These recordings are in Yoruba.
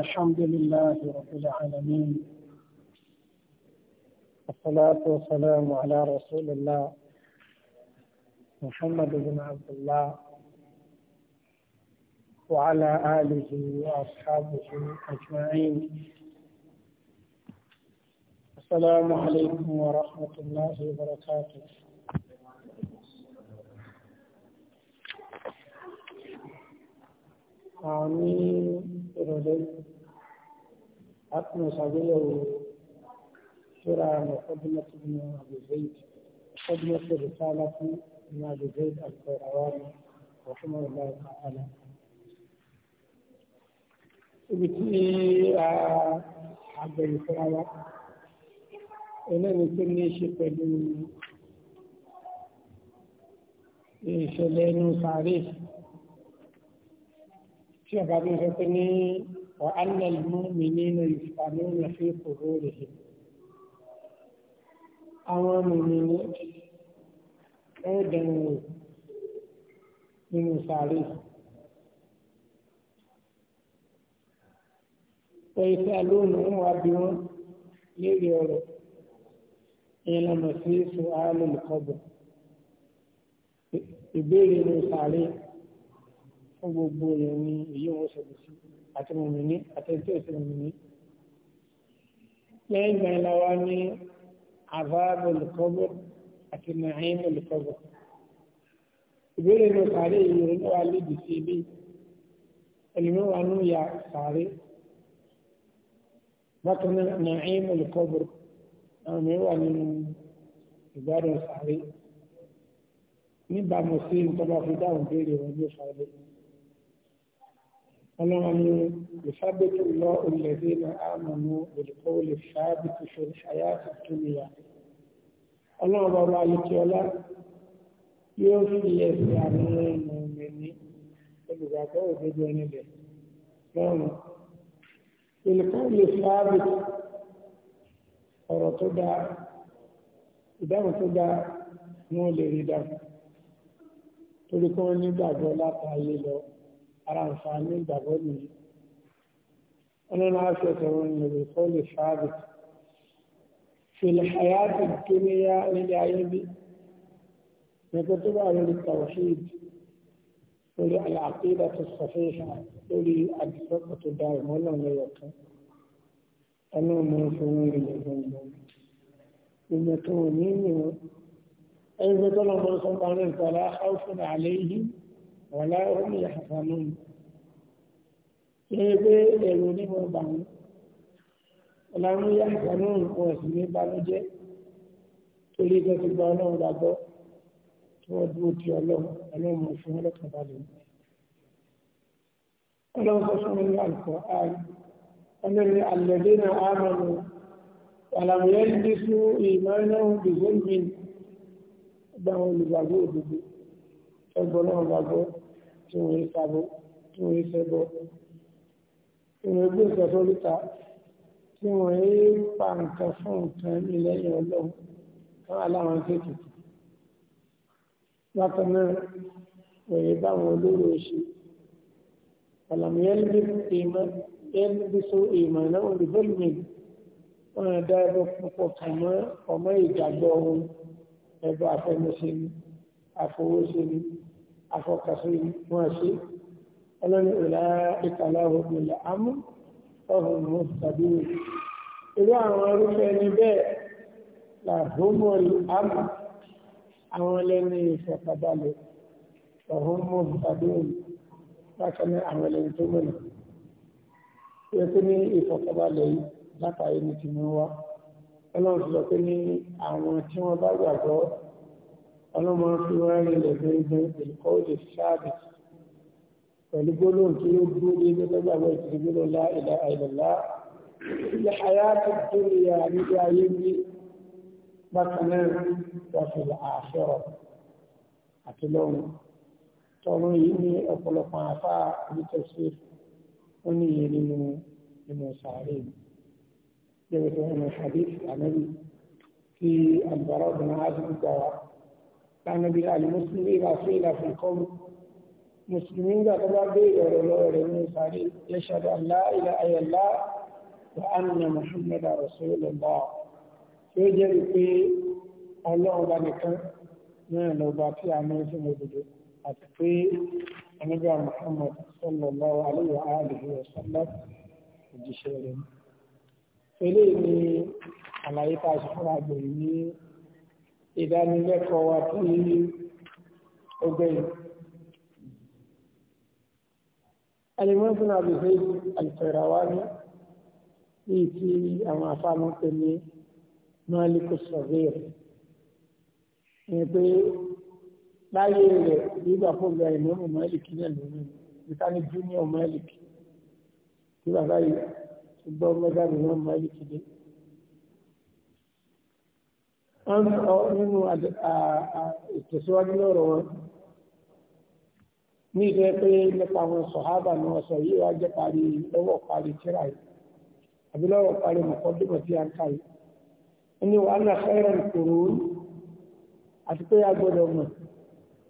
الحمد لله رب العالمين والصلاة والسلام على رسول الله محمد بن عبد الله وعلى آله وأصحابه أجمعين السلام عليكم ورحمة الله وبركاته ní ìrọ̀lẹ́ àtúnṣe àgbéyẹ̀wò sura muqaddimah ibn abi zayd muqaddimah risalah ibn abi zayd al-qayrawani rahimahullah ta'ala ibi tí a àgbẹ̀yìn fúnra wa eléyìí tó ní í ṣe pẹ̀lú ìṣẹ̀lẹ̀ inú sàárè tí ọba bí sọ pé ní wà á nà mú mi nínú ìfàmì ìrìnàfẹ kòró rẹ àwọn mìíràn ó dẹnu wò nínú sàárè. Pẹ̀lú àlónù ń wá bí wọ́n léèrè ọ̀rọ̀ ìyẹn lọ́mọ sí sùn áálù lùkọ́bọ̀. Ìbéèrè ní sàárè fún gbogbo èèyàn ni èyí wọn ṣẹlẹ̀ sí àti mọ̀mìnì àtẹ̀tẹ̀ ìṣẹ̀ mọ̀mìnì. lẹ́yìn ìgbà ńlá wa ní àbáàbò lùkọ́bọ̀ àti nàìmù lùkọ́bọ̀. ìbéèrè ní sàárè yìí ló wà lébi sí ilé ẹlòmíràn nù ya sàárè bákan náà nàìmù lùkọ́bọ̀ àwọn mìíràn nínú ìgbádùn sàárè níbàámu sí ìtọ́ba fi dáhùn béèrè wọn ní sàárè yìí ọlọ́run ni ìfábẹ́tò lọ olùlẹ̀dẹ́ na àmọ̀nù olùkọ́ olè fàábìtì fún àyàtì tó nìyà ọlọ́run bàbá alìkíọlá yóò fi ẹ̀sìn àwọn ọmọ ẹ̀mí olùgbàgbọ́ òdodo ẹni bẹ̀ lọ́rùn olùkọ́ olè fàábìtì ọ̀rọ̀ tó حرام خامين دابوني أنا ناسة من بقول ثابت في الحياة الدنيا لجايب نكتب على التوحيد ولي العقيدة الصحيحة ولي الفقة الدائمة ولا ما يكون أنا موسوني لهم بمتونين أي بطل من سلطان فلا خوف عليهم ọ̀la ọ̀hún yà hàfà lónìí. ṣé pé ẹ̀rù onímọ̀ bà wọ́n ọ̀la ọ̀hún yà hàfà lónìí wọ́n sì ní banújẹ́ torí tó ti gba ọlọ́run gbàgbọ́ tí wọ́n dúró ti ọlọ́run ọlọ́run òfin ọlọ́kàn balẹ̀ wọn. ọlọ́run sọ fún mi ní àlùkò ààrẹ ọlọ́run àlẹ́dẹ́ náà ààrẹ lọ àlàmúyẹ́ ń dín fún ìmọ̀ náà dìgbò mi ẹgbọ́n náà gbàgbọ́ tí wọ́n ń sabo tí wọ́n ń sẹ́bọ̀ tí wọ́n gbé nǹkan tó lóta tí wọ́n ń pa nǹkan fún nǹkan ní lẹ́yìn ọlọ́run káwọn aláwọn kéèkì. bákan náà wòye báwọn olóró ṣe ọ̀làmìyẹ́lì bí so èèmọ̀ náà wọ́n lè dá ẹbọ púpọ̀ kàn mọ́ ọmọ ìgbàgbọ́ ohun ẹbọ àfẹnusẹ ni àfọwọ́sẹ ni afọkàsí wọn ṣe ọlọ́ni ìlà ìkàláwò ìlà amú ọ̀hún mú tàbí wò. irú àwọn arúfẹ́ ni bẹ́ẹ̀ làhùnmọ̀ amú àwọn lẹ́ni ìfọ̀kàbalẹ̀ ọ̀hún mú tàbí wò bákan náà àwọn lẹ́ni tó mọ̀nà. yẹ kí ní ìfọ̀kàbalẹ̀ yìí látàrí ní tìmọ̀ wá ọlọ́run ti sọ pé ní àwọn tí wọ́n bá gbàgbọ́ ọlọ́mọ fi wọ́n rí ilẹ̀ gbẹ̀ngbẹ̀ ìkọ́ òde ṣáàbì pẹ̀lú gbólóhùn tí ó dúró ní ilé lọ́gbà wọ́n ti di gbólóhùn lá ìlà àìlọ́lá ilẹ̀ àyàtọ̀ tó lè yà níbi ayé ní bákan náà wọ́n fi àṣọrọ̀ àti lọ́run tọrọ yìí ní ọ̀pọ̀lọpọ̀ àfa onítọ̀sí ó ní iye nínú ìmọ̀ sàárè yẹ̀wò tó ń mọ̀ àdéhùn tí àgbàrá ọ̀gbìn á ti gbà wá lànà bí alùmùsùlùmí bá fún ìlà fún kọ́mù mùsùlùmí gbà tó bá béèrè ọ̀rọ̀ lọ́wọ́ rẹ̀ ní sáré yẹ́ṣọ́dọ̀ aláìlá ayọ̀lá wa anna muhammad rasulullah tí ó jẹ́rìí pé ọlọ́run bá nìkan náà lọ́ba tí a mọ̀ sí òdodo àti pé ẹnìgbà muhammad sallallahu alayhi wa alihi wa sallam òjíṣẹ́ rẹ̀ eléyìí ni àlàyé tá a ṣe fún àgbèrè ìdánilẹ́kọ̀ọ́ wa tí ó gbẹ̀yìn. Alimọ́ fún àbùsẹ́ Al-Qayrawani ní ti àwọn afáàmọ́ pé ní Malik Sọ̀rẹ́r. Ní pé láyé rẹ̀ nígbà fún ìgbà ìmọ̀mù Malik náà lónìí, níta ní Júnior Malik. Nígbà báyìí, ṣùgbọ́n mẹ́ta ni wọ́n sọ nínú ìtẹ̀síwájú lọ́rọ̀ wọn ní ìfẹ́ pé nípa àwọn sọ̀hábà ni wọ́n sọ yìí wá jẹ́ parí lọ́wọ́ parí tíra yìí àbí lọ́wọ́ parí mọ̀kọ́dúnmọ̀ tí a ń ká yìí. ẹni wàá nà fẹ́rẹ̀ kòrò àti pé a gbọ́dọ̀ mọ̀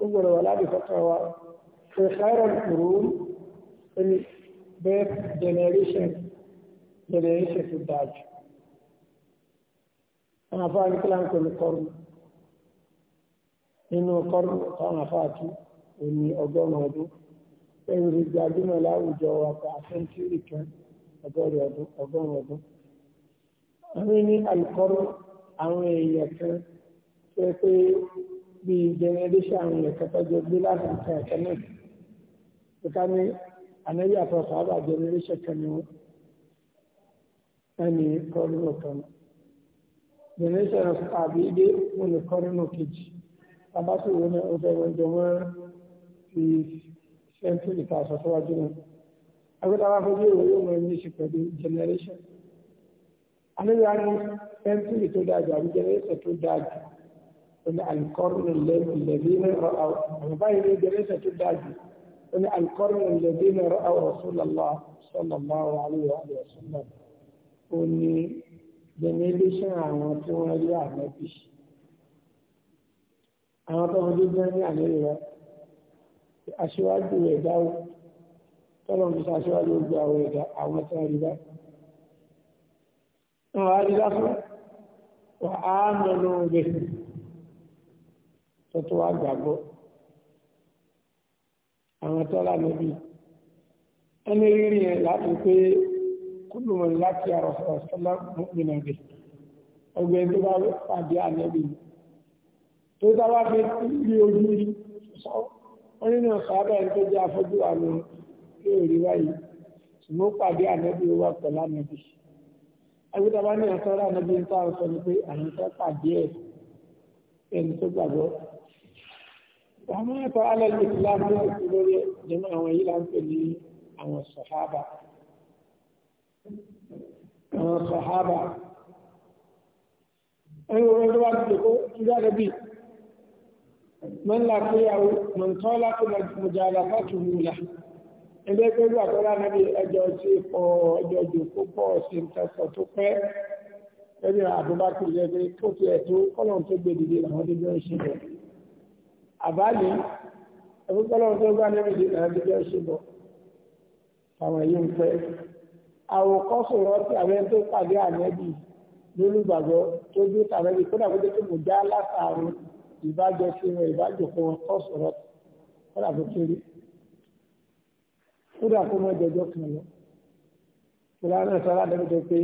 ó gbọ́dọ̀ wà láti sọ́kàn wa pé fẹ́rẹ̀ kòrò ẹni bẹ́ẹ̀ generation generation tó dáa àwọn afáà ní kíláńkì olùkọ́rù nínú kọ́rù táwọn afáà tú òní ọgọ́rùn-ún ọdún ẹ̀rù gbajúmọ̀ láwùjọ wa pa sẹ́ńtúrì kan ọgọ́rùn-ún ọdún. àwọn ní alùkọ́rù àwọn èèyàn kan tó yẹ pé bíi jẹnẹrẹ́ṣẹ̀ àwọn èèyàn kan tọ́jú gbé láti ìka ẹ̀ka náà. kíkà ní ànáyà àtọ̀sọ̀ àbà jẹnẹrẹ́ṣẹ̀ kan ni wọ́n. ẹni kọ́rù ọ̀kan náà generation of àbídé wọn lè kọ́ nínú kejì abáṣe wo ni ọjọ́ ìwọ̀njọ́ wọn fi century ta sọ síwájú náà agbẹ́ta wá fojú ìwé yóò mọ ẹni ṣe pẹ̀lú generation alẹ́yà ni century tó dáa jù àbí generation tó dáa jù wọn alikọ́rù lẹ́bí ní ọ̀rọ̀ àwọn báyìí ní generation tó dáa jù wọn alikọ́rù lẹ́bí ní ọ̀rọ̀ àwọn Rasulullah sallallahu alaihi wa sallam generation àwọn tí wọ́n rí ànábì àwọn tó wọn dúdú ní àlérè rẹ aṣíwájú rẹ̀ dáwọ́ tọ́lọ̀ ní aṣíwájú gbogbo àwọn ẹ̀dá àwọn tí wọ́n rí bá wọn á rí bá fún wa á mẹ́nu rẹ̀ tó tó wá gbàgbọ́ àwọn tọ́lá níbi ẹni rírì yẹn láti pé kúlù mọ̀ láti àrọ̀sọ̀rọ̀ sọ́lá mọ́mìnà bẹ̀ ọgbẹ́ tó bá pàdé ànẹ́bì tó dáwà fi rí ojú rí sọ wọ́n nínú sábà ẹni tó jẹ́ afọ́jú àwọn yóò rí wáyé ṣùgbọ́n pàdé ànẹ́bì ó wà pẹ̀lú ànẹ́bì agbẹ́tàbá ní àtọ́rọ̀ ànẹ́bì ń tà sọ ni pé àwọn fẹ́ pàdé ẹ̀ ẹni tó gbàgbọ́ wọ́n mú ẹ̀tọ́ alẹ́ ìsìlámù lórí ẹ̀jẹ̀ mọ́ àwọn yìí láǹpẹ̀ ní àwọn sàhábà àwọn sàhábà ẹni wọ́n tó wá ti kó ìjáde bíi man la kíyàwó man tọ́lá tó la mọ̀jàlá fàtú wùlá ẹgbẹ́ pé wà tó lá nàbí ẹjọ́ sí pọ̀ ẹjọ́ jòkó pọ̀ sí nǹkan tó pẹ́ ẹni àbúbákú lẹ́gbẹ́ tó ti ẹ̀tọ́ kọ́lọ̀n tó gbé dìde làwọn tó jọ ń ṣe bọ̀ àbálẹ̀ ẹgbẹ́ kọ́lọ̀n tó gbá níbi làwọn tó jọ ń ṣe bọ̀ àwòkọ́sọ rántí àwọn ẹni tó pàdé ànẹ́bì lólùgbàgbọ́ tó dé tàbẹ́bì kódà kó dé tó mò já látàrún ìbájọsí wọn ìbájọpọ̀ wọn kọ́sọ rántí kódà kó kéré kódà kó mọ jọjọ kan lọ ìlànà náà sọ aládàbí jọ pé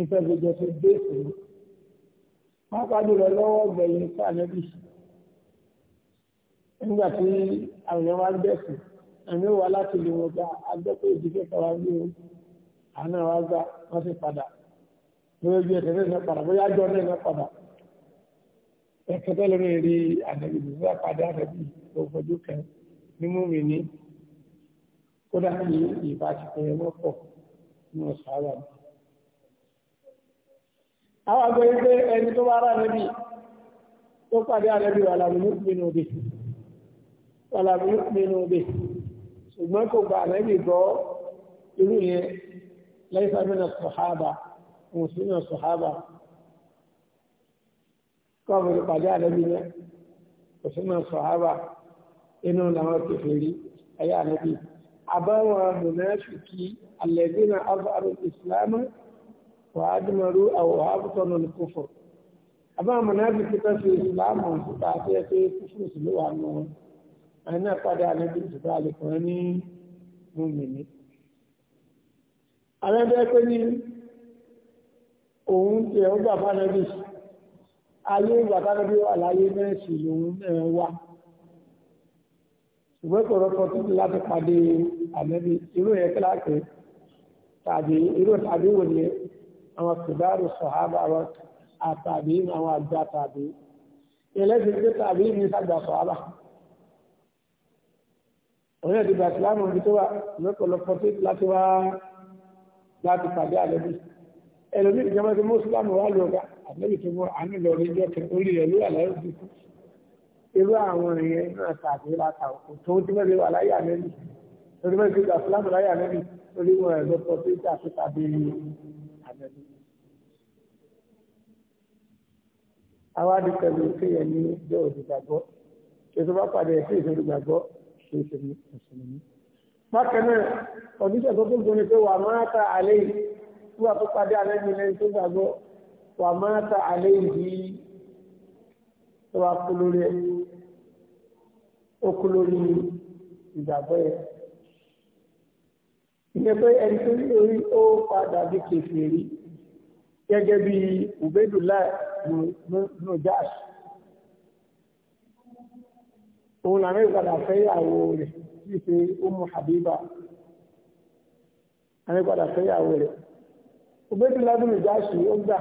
ìfẹ́ fi jọ fi dé ìṣòro wọn pàdé rẹ lọ́wọ́ gbẹ̀yìn fún ànẹ́bì nígbà tí àwọn èèyàn wá ń bẹ̀sùn àmì wà láti lè wọn gba agbẹ́pẹ́ ìdíkẹ́kọ̀ọ́ àná wa gbà wọ́n sì padà lórí bí ẹ̀kẹ́tẹ́ náà padà bóyá àjọ náà náà padà ẹ̀kẹ́tẹ́ lórí rí ànábì bùsùn àpàdé ànábì tó fojú kan ní múmi ní kódà ní ìbá ti pẹ̀lú wọn pọ̀ ní ọ̀sán àwọn àbí. àwọn àgbẹ̀ yìí pé ẹni tó bá rà níbi tó pàdé ànábì wà lábùnú pinnu òde wà lábùnú pinnu òde ṣùgbọ́n kò gba ànábì gbọ́ irú yẹn ليس من الصحابة مسلم الصحابة قبل قجال بنا مسلم الصحابة إنه لما تفيري أي نبي أبا منافقي الذين أظهروا الإسلام وأدمروا أو أبطنوا الكفر أبا منافقي في الإسلام وفتاتي في كفر سلوان أنا قد نبي سبحانه وتعالى مؤمنين àrẹ́bẹ́ pé ní òun tẹ̀ ó gbà fánẹ́bí ayé ìgbà fánẹ́bí wà láyé mẹ́rìnsì lòun náà wà ṣùgbọ́n kò rọ́pọ̀ tó ti láti pàdé àmẹ́bí irú yẹn kíláàkì tàbí irú tàbí wò ní àwọn kìbáàrù sọ̀hábà àwọn àtàbí àwọn àgbà tàbí ẹlẹ́sìn pé tàbí ní sàgbà sọ̀hábà òun yẹn ti gbà tó wà ṣùgbọ́n kò tó ti láti wá láti pàdé àlẹ́bí ẹlòmí ìjọba tí mọ́sílámù wà lọ́gá àlẹ́bí tó mọ́ àánú lọ ní ìjọ kan orí rẹ̀ ló wà láyé òbí irú àwọn èèyàn náà tàbí látàwọn kò tó tí mẹ́rin wà láyé àlẹ́bí torí mẹ́rin tó gbà fúlámù láyé àlẹ́bí torí wọn ẹ̀ lọ́pọ̀ tó tà sí tàbí àlẹ́bí. àwa di pẹ̀lú kéèyàn ní ìjọ òdìgbàgbọ́ kí o tó bá pàdé ẹ̀ sí ìṣòro gbàgbọ́ kí o ṣe mùsùlùmí bákan náà ọ̀díṣẹ́ tó tún gbóni pé wà máa ta àlẹ́ yìí nígbà tó padà àlẹ́bí lẹ́yìn tó gbàgbọ́ wà máa ta àlẹ́ yìí tó wà kú lórí ẹ̀ ó kú lórí ìgbàgbọ́ ẹ̀. ìyẹn pé ẹni tó ní orí ó padà bí kèfèrí gẹ́gẹ́ bí Ubedula Nujash òun làwọn ìpadà fẹ́ yàwó rẹ̀ tí ṣe Ummu Habiba anípadà fẹ́yàwó rẹ̀ òbẹ́tì ládùn ìjáṣì ó gbà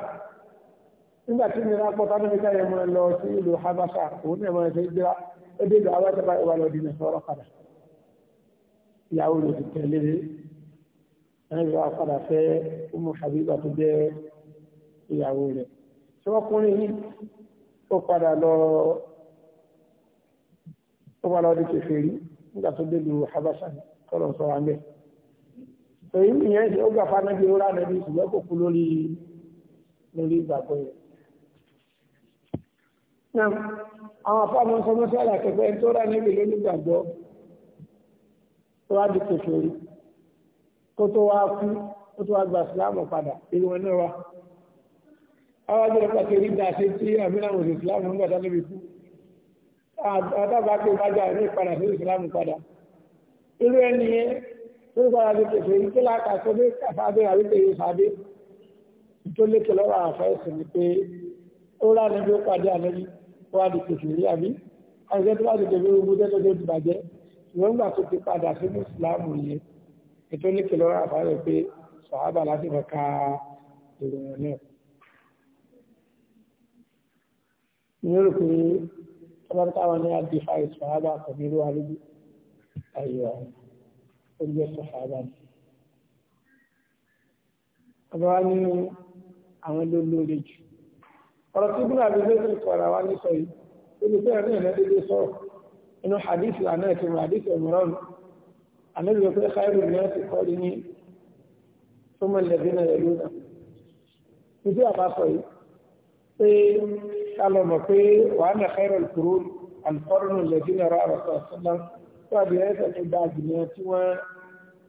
nígbà tí mi rápọ̀ tánú mi káyẹ̀ mọ́ lọ sí ìlú Habasha òun ní ẹ̀mọ́ ẹ̀fẹ́ gbéra ó dé ìlú Habasha bá ìwà lọ́dún ní sọ́rọ́ padà ìyàwó rẹ̀ ti tẹ̀lé rẹ̀ e. ẹni ìwà padà fẹ́ Ummu Habiba tó jẹ́ ìyàwó rẹ̀ tí wọ́n kúnrin yìí ó padà lọ ó padà lọ di kèfèrí nígbà tó délu habasa kọ́lọ̀ sọ wa ń bẹ̀. ni nìyẹn ṣe ó gbàfa náà bí ó rà nẹ́bí ṣùgbọ́n kò kú lórí lórí ìgbàgbọ́ yẹn. náà àwọn afáàmọ́ sọ mọ́sálà kẹfẹ́ tó rà nẹ́bí lórí ìgbàgbọ́ tó wá di kòtò rí kó tó wá kú ó tó wá gba ìsìláàmù padà irú wọn náà wá. àwọn àjọyọ̀ pàtó rí dáa tí àmì àtàbà pé ìbájá ní ìpadà sí ìsìlámù padà irú ẹni yẹn tó ń padà lókè fèyí kí láàkà tó dé káfáàdé àríkè yìí fàdé tó lékè lọ́wọ́ àfẹ́sì ni pé ó rà níbi ó pàdé àlẹ́bí wà di kèfèrí àbí àìsẹ́ tó bá di kèfèrí ogun tó tó ti bàjẹ́ ìwọ̀n gbà tó ti padà sí ìsìlámù yẹn ètò lékè lọ́wọ́ àfẹ́sì pé sàhábà láti fẹ́ ka ìròyìn náà kamar ta wani abdi faiz sahaba kabiru alibi ayyuwa ƙungiyar sahaba ne ọba ní àwọn ló lóore jù ọ̀rọ̀ tí ibùdó àbẹ̀lẹ̀ ti kọ̀ra wa ní sọ yìí olùkọ́ ẹ̀rí ẹ̀rẹ́ dédé sọ̀rọ̀ inú hadith lànà ẹ̀tì mọ̀ hadith ẹ̀mọ̀rán ànábi pé káyọ̀rù náà ti kọ́ ní súnmọ́ náà yẹ̀lú náà قال لهم وانا خير القرون القرن الذي نرى رسول صلى الله عليه وسلم فبيعت ان دعيت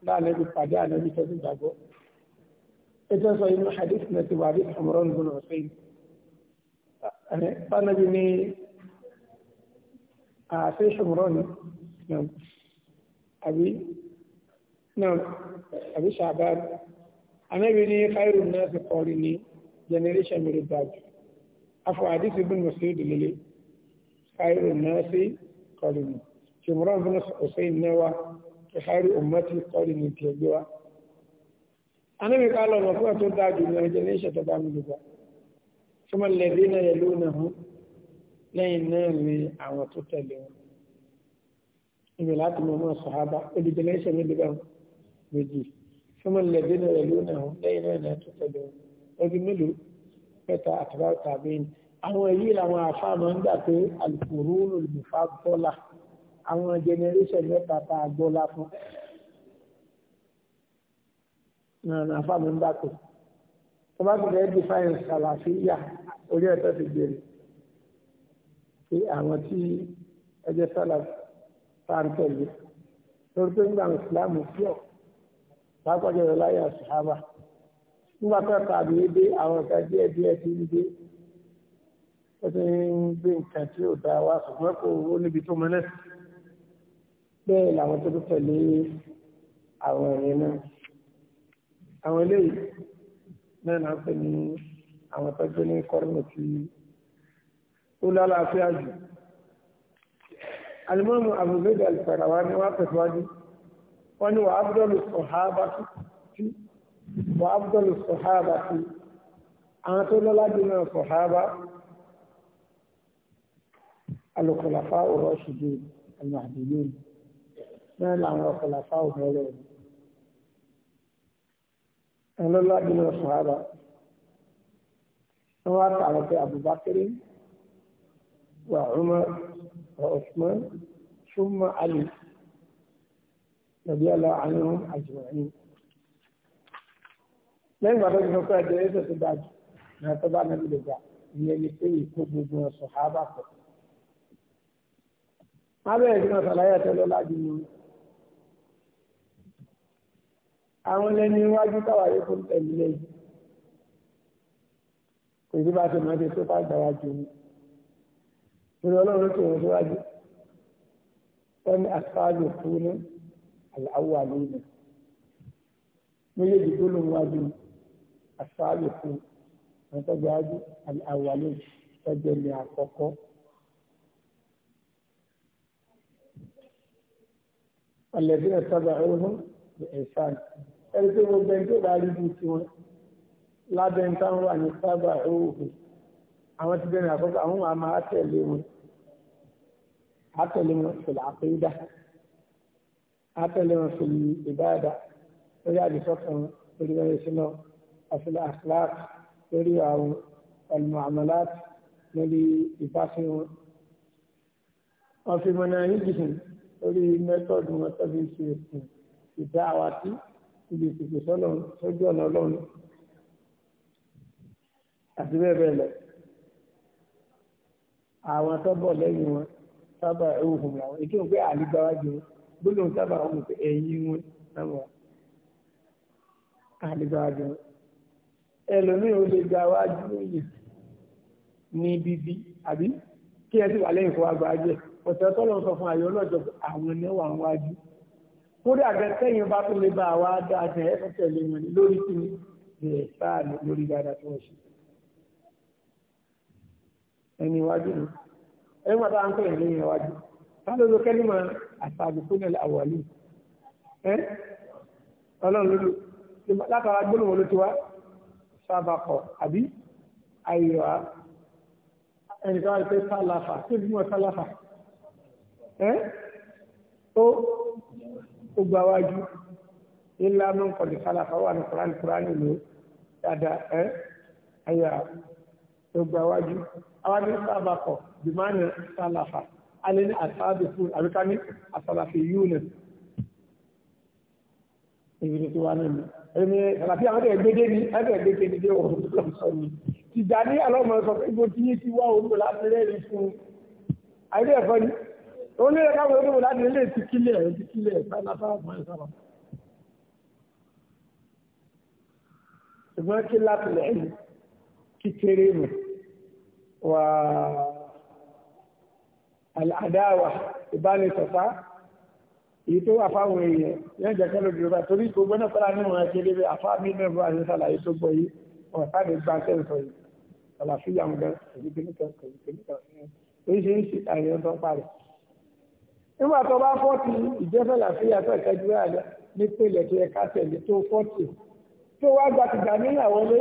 لا نبي قد انا بك بدعو اذا صحيح حديث نتي وابي عمران بن حسين انا قال لي ني اسي عمران نعم ابي نعم ابي شعبان انا بني خير الناس قولي لي جنريشن من الدعوه afọ àdìsí bí mo ṣe é dìlélé ṣáírò náà sí kọlùmù ṣùgbọ́n bí mo ṣe é náà wá kí ṣáírò ọmọtí kọlùmù ti ẹgbẹ́ wa. anábì ká lọ mọ̀ fún ẹ̀ tó dáa jù ní ọjọ́ ní ìṣẹ̀tọ́ bá mi lùgbà fún ọlẹ́bí náà yẹ lónà hàn lẹ́yìn náà ni àwọn tó tẹ̀lé wọn. ibi láti mọ̀ mọ́ sàhábà olùjẹ́ ní ìṣẹ̀lẹ̀ lùgbà méjì fún ọlẹ́bí náà yẹ lónà hàn lẹ́yìn náà ni àwọn tó tẹ̀lé wọn. ọdún mélòó kẹta àtàwọn tàbí àwọn èyí làwọn àfáàmọ́ ń gbà pé alùpùpù olùfà bọ́là àwọn generation mẹ́ta tá a gbọ́lá fún àwọn àfáàmọ́ ń gbà pé tó bá bẹ̀rẹ̀ define sàlàfíà orí ẹ̀tọ́ ti gbèrè pé àwọn tí ẹjẹ́ sàlàfíà tá a ń tẹ̀lé lórí pé ń gbà ìsìlámù pure lápá jẹ́ láyé nígbà tó tàbí dé àwọn ọ̀gá díẹ̀ díẹ̀ ti ń dé ó ti ń gbé nǹkan tí ò dá wa ṣùgbọ́n kò ó níbi tó mọ́lẹ̀ bẹ́ẹ̀ làwọn tó tó tẹ̀lé àwọn ẹ̀yìn náà àwọn eléyìí náà náà pè ní àwọn tó gbé ní kọ́rọ́nù tí ó lálàáfíà jù alimọ́mù àbúgbé dàlùfẹ̀rẹ̀ wa ni wọ́n tẹ̀síwájú wọ́n ní wà á bọ́dọ̀ lù sọ̀hábà وأفضل الصحابة أنا لك لدينا الصحابة الخلفاء الراشدين المهديين ما لهم الخلفاء أنا أهل لك من الصحابة سواء على أبو بكر وعمر وعثمان ثم علي رضي الله عنهم أجمعين lẹ́yìn ìgbà tó ti sọ pé ẹjọ́ ẹ̀sẹ̀ tó dájú ní ọ̀tọ́ bá nàbí lè gbà ìyẹn ni pé ìkó gbogbo ọ̀sọ̀ ha bá pọ̀. abẹ́rẹ́ ìdí náà sàlàyé ẹ̀tọ́ lọ́la jù mí. àwọn lẹ́ni iwájú táwa yóò fún tẹ̀lé lẹ́yìn. kò sí bá a ti mọ̀ ẹ́ tó bá gbà wá jù torí ọlọ́run tó wọ́n síwájú. wọ́n ní fún ní àláwọ̀ àlẹ́ ìlú. mo yé ìdígbó lóun wájú mi asáyòkú àwọn tó gbáájú àwàlẹ̀ tọ́jọ́ ní àkọ́kọ́. Àlẹ́bí ẹ̀sọ́gbà ọ̀hún ẹ̀sán. Ẹni tó gbogbo ẹni tó bá rí bí tiwọn lábẹ́ ń táwọn wà ní sábà ọ̀hún. Àwọn ti bẹ̀rẹ̀ àkọ́kọ́ àwọn máa máa tẹ̀lé wọn. Àtẹ̀lé wọn fìlà àpéjà. Àtẹ̀lé wọn fìlì ìbáàdà. Lórí àdìsọ́kàn orí ẹ̀sìn náà àti àkàlàk lórí àwọn almuamalat lórí ìbáṣe wọn. wọ́n fi mọ̀nà yíjìhìn lórí mẹ́tọ́ọ̀dù wọn tó fi ṣe ẹ̀sìn ìdá àwátí ibi ìpèsè sọ́nà sójú ọ̀nà ọlọ́run àti bẹ́ẹ̀ bẹ́ẹ̀ lọ. àwọn tó bọ̀ lẹ́yìn wọn sábà ẹ̀wùhùn làwọn èké wọn pé àlígbáwájú wọn gbólóhùn sábà wọn pé ẹ̀yìn wọn náà wọn àlígbáwájú wọn ẹlòmíì ó lè gba wájú yìí ní bíbí àbí kí ẹ sì wà lẹ́yìn fún àgbà ajẹ́ ọ̀sẹ̀ tọ́lọ̀ sọ fún àyọ̀ ọlọ́jọ́ àwọn ẹni wà wájú kódà bẹ́ẹ̀ sẹ́yìn bá tó lè bá wa dá àtẹ̀ ẹ̀ fún tẹ̀lé wọn lórí kí ni bẹ̀ẹ̀ sáà ní lórí dáadáa tí wọ́n ṣe ẹni iwájú ni ẹni wọn bá ń pè ní iwájú sáré ló kẹ́lí mọ àtàgùkúnlẹ̀ àwọ̀lì ẹ ọlọ́run lólu látara gbólóhùn ló ti wá sábàkọ̀ àbí ayò á ẹnìkan wáyé pé sálàfà tí ìbí mọ̀ sálàfà ẹ́ ó gbà wájú ilá mọ́ kọ̀dì sálàfà wà ní kùránì kùránì ló dáadáa ẹ́ ayò á ó gbà wájú àwọn ní sábàkọ̀ jùmọ́ ní sálàfà alẹ́ ní àsáàbì fún àbíká ní àsàlàfì yúnẹ̀ ìbìrì tí wà nínú ẹni àlàfí àwọn ẹgbẹ́dé ní ẹgbẹ́dé ní dé ọ̀rọ̀ tó sọ ni ìjà ní àlọ́mọ sọ pé ibo tí yé ti wá òun láti rẹ́rìí fún àìdẹ́ ẹ̀fọ́ ni òun ní ẹ̀ka wọlé wò láti lè ti kílẹ̀ ẹ̀ ti kílẹ̀ ẹ̀ sálábà mọ́ ẹ̀ sábà. ṣùgbọ́n kí láti lẹ̀ ẹ̀yìn kékeré mi wà àdáwà ìbánisọ̀fà èyí tó wà fáwọn èèyàn yẹn jẹ́ kẹ́lò dìrò bá torí gbogbo náà fẹ́ra nínú ẹ̀ kéré bẹ́ àfá mi náà bá ṣe ṣàlàyé tó gbọ́ yìí wọn sáàdé gba sẹ́ǹsọ̀ yìí àlàáfíà ń bẹ èyí kìíní kan èyí kìíní kan oríṣiríṣi àyẹ̀wò tó ń parẹ̀. nígbà tó bá fọ́ọ̀tì ìjẹ́fẹ́ làáfíà tó ìkẹ́jú rẹ̀ ní pèlè tó yẹ ká tẹ̀lé tó fọ́ọ̀tì tó wá gba tìgbà níyàwọlé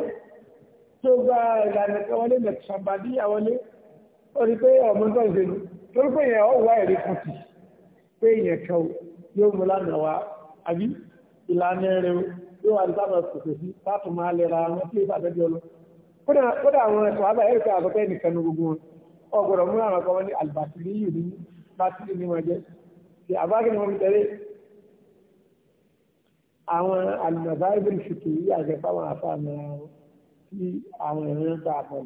tó gba ìlànà wọlé nàìjíríà ó rí pé ọmọ tó ń ṣe torí pé èèyàn ó wá ẹ̀rí fún ti pé èèyàn kan yóò mú lánàá wá àbí ìlànà rẹ̀ yóò wà nípa àwọn kòkò sí láti máa lera wọn tí èèfà bẹ́ẹ̀ lọ. kódà àwọn ẹ̀kọ́ àbá ẹ̀rì kan àkọ́kọ́ ẹnìkan ní gbogbo wọn ọgbọ̀dọ̀ mú àwọn ọkọ̀ wọn ní àlùbàtìlì yìí ní bátìlì ní wọn jẹ́ ti àbákẹ́ ni wọ́n fi tẹ̀lé àwọn àlùmọ̀bá ibùn ṣùkè yìí àgbẹ̀ fáwọn àfààní tí àwọn ẹ̀rọ ń ta àbọ̀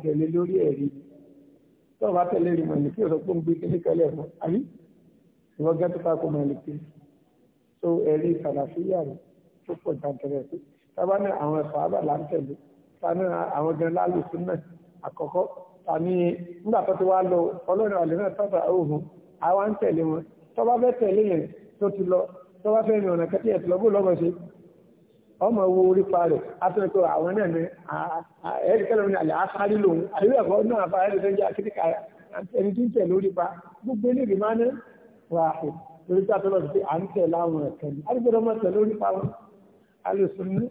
tí tó bá tẹ̀lé rí mọ̀lìkì ọ̀sọ̀ pé ń gbé kíní kẹlẹ̀ mọ́ àbí ìwọ́n gẹ́tù tako mọ̀lìkì tó ẹ̀rí sàlàfíà rẹ̀ tó pọ̀ jàǹtẹ̀rẹ̀ sí tábà ní àwọn ẹ̀fọ́ àbà là ń tẹ̀lé ta ní àwọn gan lálù sí náà àkọ́kọ́ ta ní nígbà tó ti wá lọ ọlọ́run àlè náà tọ́ta òhun àwa ń tẹ̀lé wọn tó bá fẹ́ tẹ̀lé yẹn tó ti lọ tó bá fẹ́ rìn ọ̀nà kẹ́tì ẹ̀ ọmọ owó orí parẹ̀ afẹ́kọ̀ àwọn náà ní ẹ̀ẹ́dẹ̀kẹ́lẹ̀ ní àlẹ́ afárí lòun àríwẹ̀ ẹ̀kọ́ náà bá ẹ̀ẹ́dẹ̀ tó ń jẹ́ akíríkà ẹni tí ń tẹ̀ lórí pa gbogbo eléyìí máa ní wàhù lórí sátọ́lọ̀ tí à ń tẹ̀ láwọn ẹ̀kẹ́ ni àdìgbọ́dọ̀ máa tẹ̀ lórí pa wọn alùsùnú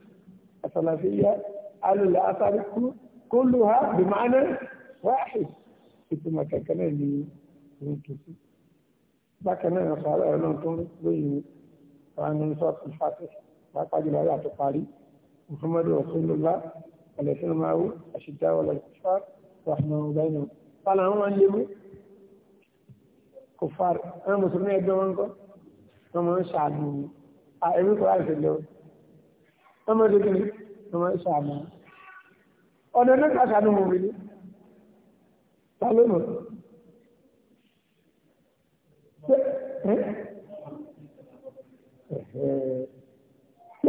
àtàlàfíyà alùlẹ̀ afárí kú kó lù ha bí máa ní wàhù ìtumọ̀ kẹ̀kẹ́ náà ní ìwé kìtì bákan náà pàápàá jùlọ ayé àti parí muhammadu rasulullah alẹ́sìn maru àṣìdá wàlẹ̀ kufar rahman ọ̀gáyìn náà fàlà àwọn máa ń lé mú kufar àwọn mùsùlùmí ẹgbẹ́ wọn kọ́ wọ́n máa ń ṣàánú ẹ̀mí kọ́ láti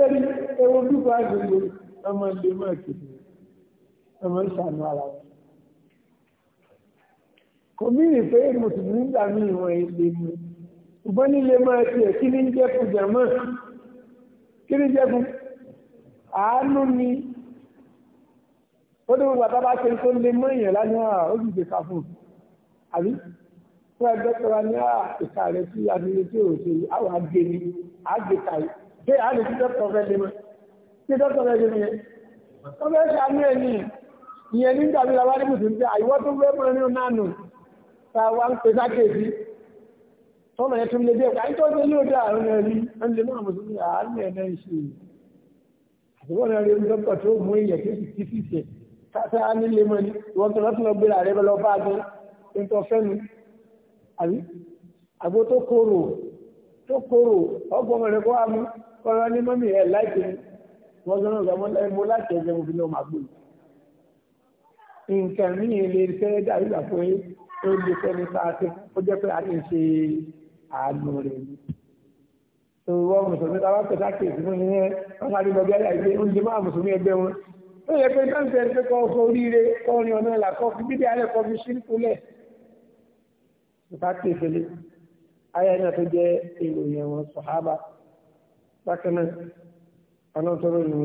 ẹ̀rí ẹwọ dúpọ̀ àgbègbè ọmọ ilé máa kìí ọmọ ìṣàánú ara wọn kò mí ìfẹ́ mùsùlùmí gbà mí ìwọ̀n ilé mu ṣùgbọ́n nílé máa tiẹ̀ kí ní jẹ́ kù jẹ̀mọ́ kí ní jẹ́ kù àánú ni ó dé gbogbo àtàbà ṣe tó lé mọ́ èèyàn lánàá àá ó dìde ká fún un àbí fún ẹgbẹ́ tó wà ní ah, ìka rẹ̀ sí adúlé tí ò ṣe àwọn àgbè ni àgbè kàyé pé a lè fi dọ́kítọ̀ fẹ́ lé mọ́ tí dọ́kítọ̀ fẹ́ lé mọ́ wọ́n fẹ́ ṣàánú ẹ̀ ní ìyẹn ní ìgbàlú làwọn ní mùsùlùmí pé àìwọ́ tó fẹ́ mọ́ nínú náà nù ta wá ń pè sákèjì tó mọ̀ yẹn tó lè dé ẹ̀ka tó ṣe ní òde àrùn ẹ̀ rí wọ́n lè mọ́ mùsùlùmí àánú ẹ̀ náà ṣe àtìwọ́n náà rí dọ́kítọ̀ tó mú ìyẹ̀ tó sì ti ṣe káṣá ní lè mọ́ ni wọ́n tó lọ́tún lọ gbé ààrẹ lọ bá gan nǹkan fẹ́nu àbí àgbo tó korò tó korò ọgbọ̀n rẹ̀ kó wá kọ́ra ní mọ́mí ẹ̀ láìpẹ́ ni wọ́n sọ náà sọmọ ẹ̀ mo láti ẹ̀jẹ̀ mo fi lọ́ọ́ máa gbòòrò. nǹkan mí lè fẹ́ dàbí gbà pé ó lè fẹ́ ní sáà tó ó jẹ́ pé a ti ṣe àánú rẹ̀ ni. tó wọ́n mùsùlùmí ta wá pẹ̀ sáàkì ìsìnkún ní ẹ́ wọ́n sáré lọ bí ayé àìgbé oúnjẹ máa mùsùlùmí ẹgbẹ́ wọn. ó yẹ pé dáńtẹ́ ẹ kọ́ ọkọ̀ oríire kọrin ọ̀nà ìlà kọ́ fi bíbí alẹ́ kọ́ fi ṣírkúlẹ̀. sáàkì ìfẹ́lẹ́ ayé náà tó jẹ́ èrò yẹn wọn sọ̀hábà bákan náà anátọ́rọ̀ ní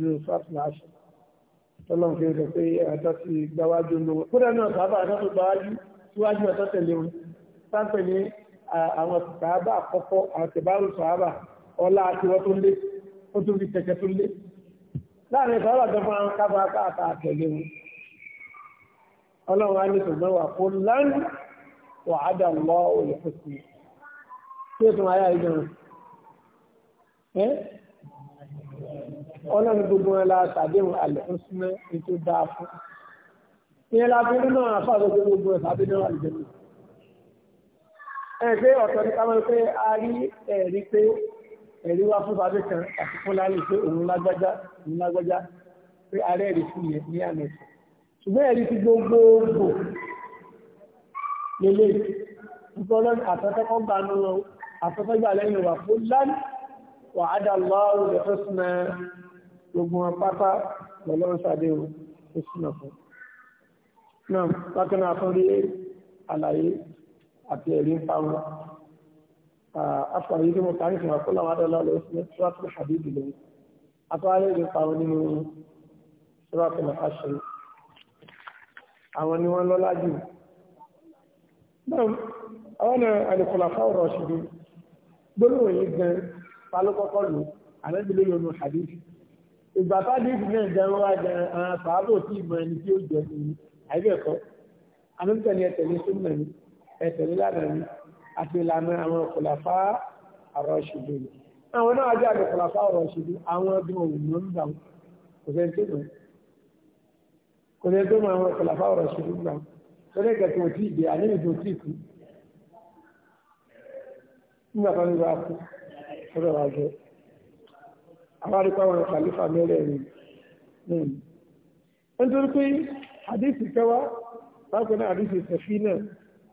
yóò sáfìláṣì tọ́lọ́n fi rẹ̀ pé ẹ̀tọ́ ti gbáwájú lówó kódà náà sábà náà tó gbáwájú síwájú ẹ̀tọ́ tẹ̀lé wọn sáńpẹ̀ ní àwọn sàábà àkọ́kọ́ àtẹ̀bárù sàábà ọlá àti wọ́n tó lé tí ó tún ayá ìjọba ẹ́ ọlọ́run gbogbo wọn la sàdéhùn alẹ́ ń súnmọ́ ní tó dáa fún ìyẹn la fi nínú àfáàgbọ́ pé gbogbo ẹ̀ sàbí náà àlùjẹ́nu ẹ̀ pé ọ̀tọ̀ ní káwọn pé a rí ẹ̀rí pé ẹ̀rí wá fún bàbá kan àti fún láàrín pé òun lágbájá òun lágbájá pé ààrẹ ẹ̀rí fún yẹn ní àná ẹ̀sìn ṣùgbọ́n ẹ̀rí ti gbogbogbò lélẹ́yìn nítorí àtọ́tẹ́kọ́ gbanú afẹ́fẹ́gbà lẹ́yìn wà fún lán wà ádàláwò lè fẹ́ súnmọ́ gbogbo wọn pátá lọ́lọ́run sáré o ó súnmọ́ fún. náà bákan náà fún rí àlàyé àti ẹ̀rí ń pa wọn. afọ̀rọ̀ yìí tí mo kàrí àwọn ni wọ́n lọ́lá jù. náà àwọn àlùkò làfáwọ̀rọ̀ ṣùgbọ́n gbólóhùn yìí gan ta ló kọ́kọ́ lò àlẹ́bí ló yọnu hadith ìgbà tádìf náà gan wá gan àwọn sàábò tí ìmọ̀ ẹni tí ó jẹ nìyí àìbẹ̀kọ́ àmọ́tẹ́ ni ẹ̀tẹ̀lé súnmọ̀ ni ẹ̀tẹ̀lé lánàá ni àti ìlànà àwọn kòlàfà àrọ̀ ṣùgbọ́ ni àwọn náà ajá àgbẹ̀ kòlàfà àrọ̀ ṣùgbọ́ àwọn ọdún òun ló ń gbà kò fẹ́ mọ̀ kò fẹ́ mọ̀ àwọn kòlàfà àrọ̀ ṣùgbọ́ gbà nígbà tó ń gba kú ọ̀rọ̀ wa jẹ́ àwọn àdìpá wọn kàlífà mẹ́rẹ̀ẹ̀rin nìyí. nítorí pé àdìsí kẹwàá bákan náà àdìsí sẹ̀fínà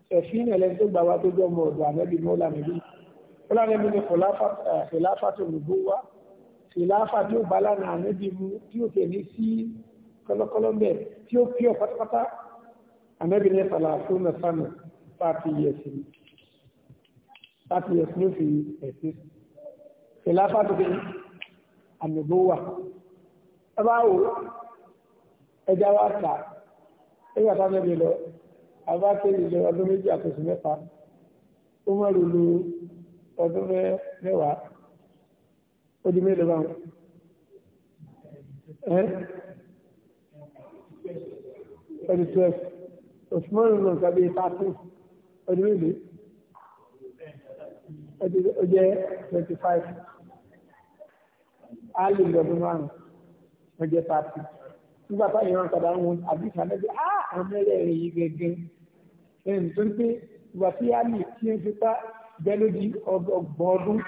sẹ̀fínà lẹ́ni tó gbà wá tó jọ ọmọ ọ̀dọ̀ àmẹ́bí mọ́lá nìbí mọ́lá nìbí ni fìlàfà tó lùgbó wá fìlàfà tí ó bá lánàá àmẹ́bí mu tí ó tẹ̀ ní sí kọlọkọlọ ń bẹ tí ó pí ọ pátápátá àmẹ́bí ní fàlàfó mẹ́fà náà pàtì yẹ̀ sí i láti yẹ sílé fi ẹ̀sí ìlà fàtìkì àmìbó wà ẹbá wò ẹjá wá kà ẹgbà tá mẹ́bí lọ àbá kéjì lọ ọdún méjì àtòsí mẹ́fà ó mọ̀ lulu ọdún mẹ́wàá ó di mélòó bá wọn. Ẹni twelve, Osmọ́nù lọ nǹkan bíi thirteen, ọdún mélòó ó jẹ́ twenty five áàlì ìjọba márùn ó jẹ́ thirty nígbà táwọn èèyàn padà ń wọn àbí ìsàlẹ̀dẹ̀ á àwọn ẹlẹ́rìí yìí gẹ́gẹ́ ẹ̀yìn tó ń pé ìgbà tí áàlì tí ń fipá bẹ́ lójú ọgbọ̀n ọdún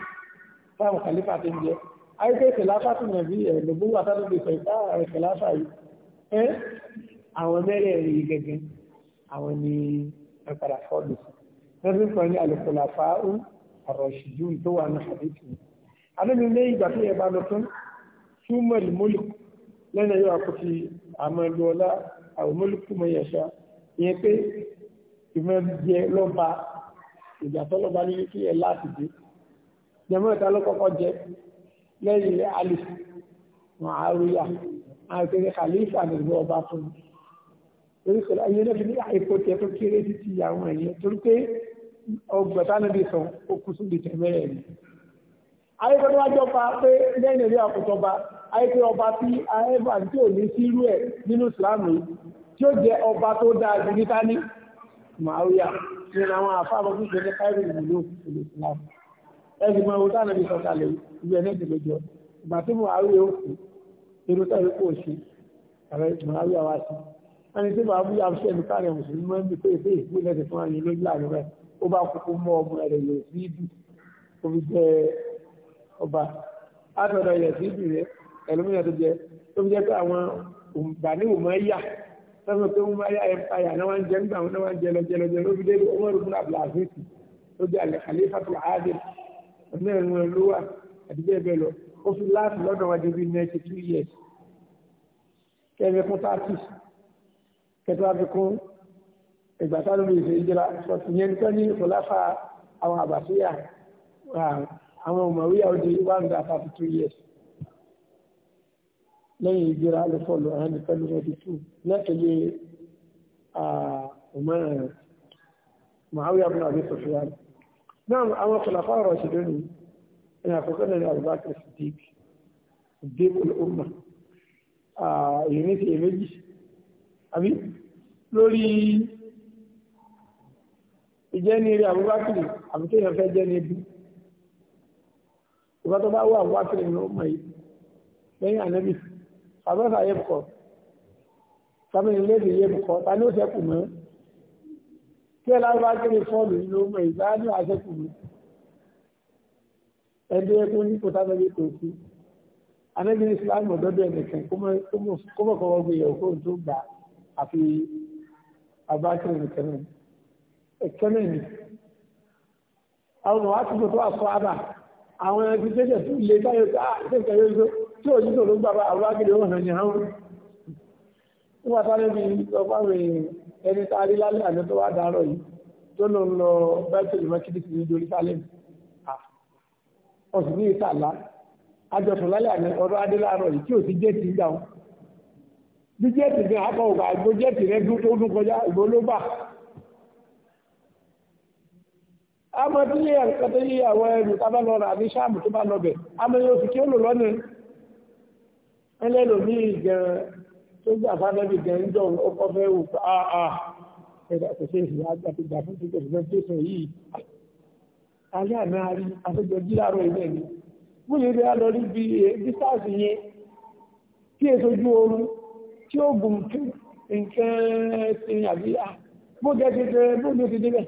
táwọn kàlífà ti ń jẹ ayíkẹ́ ìkẹláfà tó nà bí ẹ̀lògbó wà tátó gbèsè ìta ìkẹláfà yìí ẹ́ àwọn ẹlẹ́rìí yìí gẹ́gẹ́ àwọn ni ẹ padà fọ́ọ̀lù lọ́sùn kan ní àlùkò làfáà àrọ̀ṣìjú tó wà ní àdéhùn alẹ́nu lé ìgbà tó yẹ bá lọ tán túmọ̀ ìmọ̀lù lẹ́nu yóò àkókò àmọ́ ẹlú ọlá àwòmọ́lù kùmọ̀ yẹ̀ṣá ìyẹn pé ìmọ̀ jẹ lọ́ba ìgbà tó lọ́ba ní kí ẹ láti dé jẹmọ́ ìta ló kọ́kọ́ jẹ lẹ́yìn alif wọn àrùyà àìkèrè khalifa ọgbà tánàbí sọ okùn síbi tẹ̀mẹ́rẹ̀ ni ayékọ́tọ́ wájú ọba pé lẹ́yìn ìrí àkùtọ̀ba ayékọ́ ọba tí aẹ́bà tí ò ní sí irú ẹ̀ nínú ìsìláàmù yìí tí ó jẹ ọba tó dáa ju níta ní màáríà ní àwọn àfáàmọ́ tó ṣe ní káírì ìlú ìlú ìsìláàmù ẹ̀sìn mọ́ ohun tánàbí sọ kalẹ̀ ìlú ẹ̀ nẹ́ẹ̀sì lójọ ìgbà tí màáríà ó kù irú tẹ́lẹ̀ kò sí ààrẹ màáríà wá sí ẹni tí màáríà ń ṣe ẹnu káàrẹ̀ mùsùlùmí mọ́ ó bá kúkú mú ọmọ rẹ̀ yẹ̀ sí ìdù ó fi jẹ́ ọba látọ̀dọ̀ yẹ̀ sí ìdù rẹ̀ ẹlòmíràn tó jẹ́ tó fi jẹ́ pé àwọn bàní òmọ̀ọ́yà sọ́sọ́ pé òmọ̀ọ́yà empire náà wọ́n jẹ́ nígbà wọn wọ́n jẹ́ lọ́jẹ́ lọ́jẹ́ ló fi dé ọmọ rẹ̀ fún abdulhazeeti tó jẹ́ alẹ́ khalifatul adil ọmọ ẹ̀rù wọn ló wà àti bẹ́ẹ̀ bẹ́ẹ̀ lọ ó fi láti lọ́dọ̀ wa débi ninety two years kẹ́ẹ̀mẹ́kún thirty kẹ́ẹ̀tọ́ àfikún ìgbà tá lórí ìfẹ́ ìjọra sọ̀tún yẹn tó ní ìfọláfà àwọn àbàṣíyà àwọn ọmọwíyà ó di one hundred and two years lẹ́yìn ìjọra ló fọ́lọ̀ àwọn nìkan ló rẹ̀ two lẹ́kẹ̀lé ọmọràn màáwíyà bí wàbí sọ̀fíà náà àwọn ìfọláfà ọ̀rọ̀ ṣe lónìí ẹni àkọ́kọ́ náà ní àbúbákẹ́ Siddiq Siddiq al-Ummah ìrìnsì èméjì lórí ìjẹ́ ní eré Abubakar àbí kéèyàn fẹ́ jẹ́ ní ibi ìbá tó bá wà Abubakar ní ọmọ yìí lẹ́yìn ànábì àbẹ́fà yẹ kọ̀ sábẹ́ni lẹ́dí yẹ kọ̀ ta ní ó sẹ́kù mọ́ kí ẹ lábá kéré fọ́ọ̀lù ní ọmọ yìí bá ní àṣẹkù mọ́ ẹgbẹ́ ẹkún ní kò sábẹ́ni kò sí ànábì Islam ọ̀dọ́dọ̀ ẹnìkan kó mọ̀ kọ́ gbé yẹ̀ kó tó gbà àfi Abubakar nìkan náà ẹ̀kẹ́lẹ́ mi àwọn ọ̀nà wá tí kò tó wà fọ́ àbà àwọn ẹgbẹ́ tẹ́jẹ̀ tó lè báyọ̀ ah, tí ó yíso ló gbàgbà àwọn agbèrè wọn hàn yàn án wọ́n wá sáré bí ọgbàwé ẹni sáré lálẹ́ àná tó wá dárọ̀ yìí tó lọ lọ bẹ́ẹ̀tẹ̀lì mọ́kídìsì ní dorí sálẹ̀ ọ̀sùn ní ìsàlá àjọsùn lálẹ́ àná ọ̀rọ̀ adé láàárọ̀ yìí tí ò sí jẹ́ẹ̀tì ń gbà wọn bí jẹ́ẹ̀tì gan akọ̀ ògbà ìgbó jẹ́ẹ̀tì rẹ a mọ tí ní ẹ̀ǹkan tó yí àwọn ẹrù tábà lọ rà ní sáàmù tó bá lọ bẹ̀ a mọ yóò fi kí ó lò lọ́nà ẹlẹ́lò ní ìgẹ̀rẹ̀ tó gbà sáfẹ́bì gẹ̀ ń jọ ọkọ̀ fẹ́ wù áà ẹ̀dà kò ṣe ìṣẹ́ ya fún ti gbẹ̀sùn tó sọ yìí alẹ́ àná àrí àfẹ́jọ jí láàárọ̀ ilẹ̀ ni wọ́n lè rí a lọ rí bí dísáàsì eh, yẹn tí èso ojú oorun tí ó gùn nǹkan ẹ̀sìn àbí bó gẹ́ ti tẹ bó ló ti débẹ̀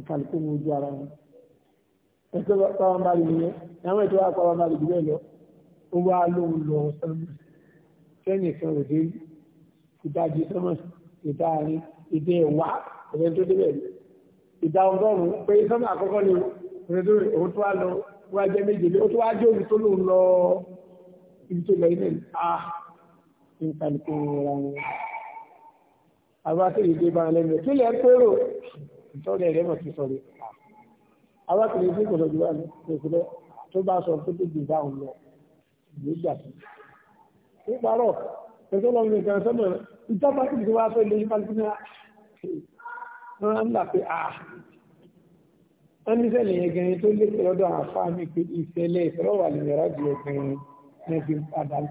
ìkàlùkù mú ojú ara wọn ẹ̀sọ́ pàwọn bá rí nìyẹn àwọn ètò wa pàwọn bá rí jù bẹ́ẹ̀ lọ ó wá lóhun lọ sọmọ kẹ́yìn kan ò dé ìdajì sọmọ ìdá àárín ìdá ẹ̀wá ọ̀rẹ́ tó débẹ̀ ìdá ọgọ́rùn-ún pé sọmọ àkọ́kọ́ ni ọ̀rẹ́ tó rẹ̀ òun tó wá lọ wá jẹ́ méje ó tó wá jẹ́ òun tó lóhun lọ ibi tó lọ ilé ah ìkàlùkù wọn. àbá tó yìí dé bá wọn lẹ́nu kí lẹ́ pérò ìtọ́jú ẹ̀rẹ́ mọ̀ sí sọ̀rọ̀ awákìlẹ̀ sí kò lọ́jọ́ báyìí kò sí lọ tó bá sọ pé tó dìgbà òun lọ ìlú gbà sí. nípa rọ̀ ẹ̀sọ́ lọ́wọ́ mi kan sọ́nà ìjọba tó ti wá fẹ́ lé ní pálífínà wọn á ń là pé à ah! wọn ní ṣẹlẹ̀ yẹn gan tó lé lọ́dọ̀ àwọn afá mi pé ìṣẹ̀lẹ̀ ìṣẹ̀lẹ̀ lè yàrá ju ẹgbẹ̀rin náà fi padà ń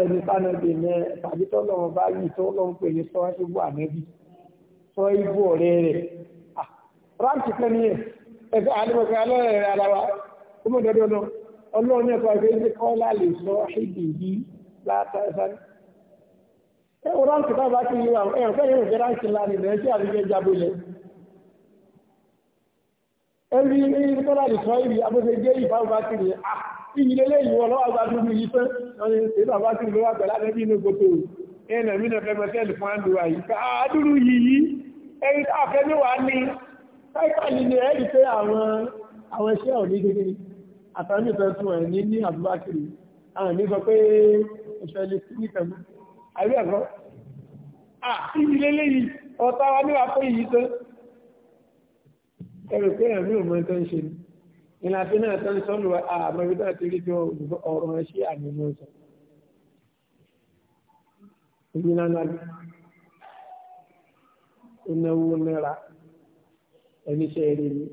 ẹni sánẹ́bì ní tàbí tọ́lọ́run bá yìí pè ní sọ ibú ànẹ́bí sọ ibú ọ̀rẹ́ rẹ̀ ráǹtì kẹ́ni ẹ̀ ẹ̀fẹ́ àdébọ̀kẹ́ alẹ́rẹ̀ ẹ̀rí ní jẹ́ ah ìyílé lẹ́yìn wọn lọ́wọ́ àgbàdo mi yí fẹ́ ọdún ìṣẹ́ bàbá sí ìlú àgbà lábẹ́bí inú gbogbo ẹ̀nà mí nẹfẹ́ mẹ́tẹ́lì fún àdúrà yìí ká àdúrú yìí ẹni àfẹ́ níwàá ní káìkàlì ni ẹ̀rì pé àwọn iṣẹ́ òní gẹ́gẹ́ àtàrí ìfẹ́ tún ẹ̀ ní ní àbúbákiri àwọn ìní sọ pé ìṣẹ̀lẹ̀ sí ní tẹ̀mú àìrí ẹ̀kọ́ ìyílé lẹ́yìn ọ̀tá wa níwàá pé yìí tẹ́ ẹ̀rì pé ẹ̀mí ò mọ́ ẹ̀ tẹ́ ń ṣe ni ìlànà náà tán sọ́nù àmọ́bítà ti rí jọ ọ̀rọ̀ ṣí àmìnú sọ ìgbìnàná ìnáwó náírà ẹni ṣe eré ni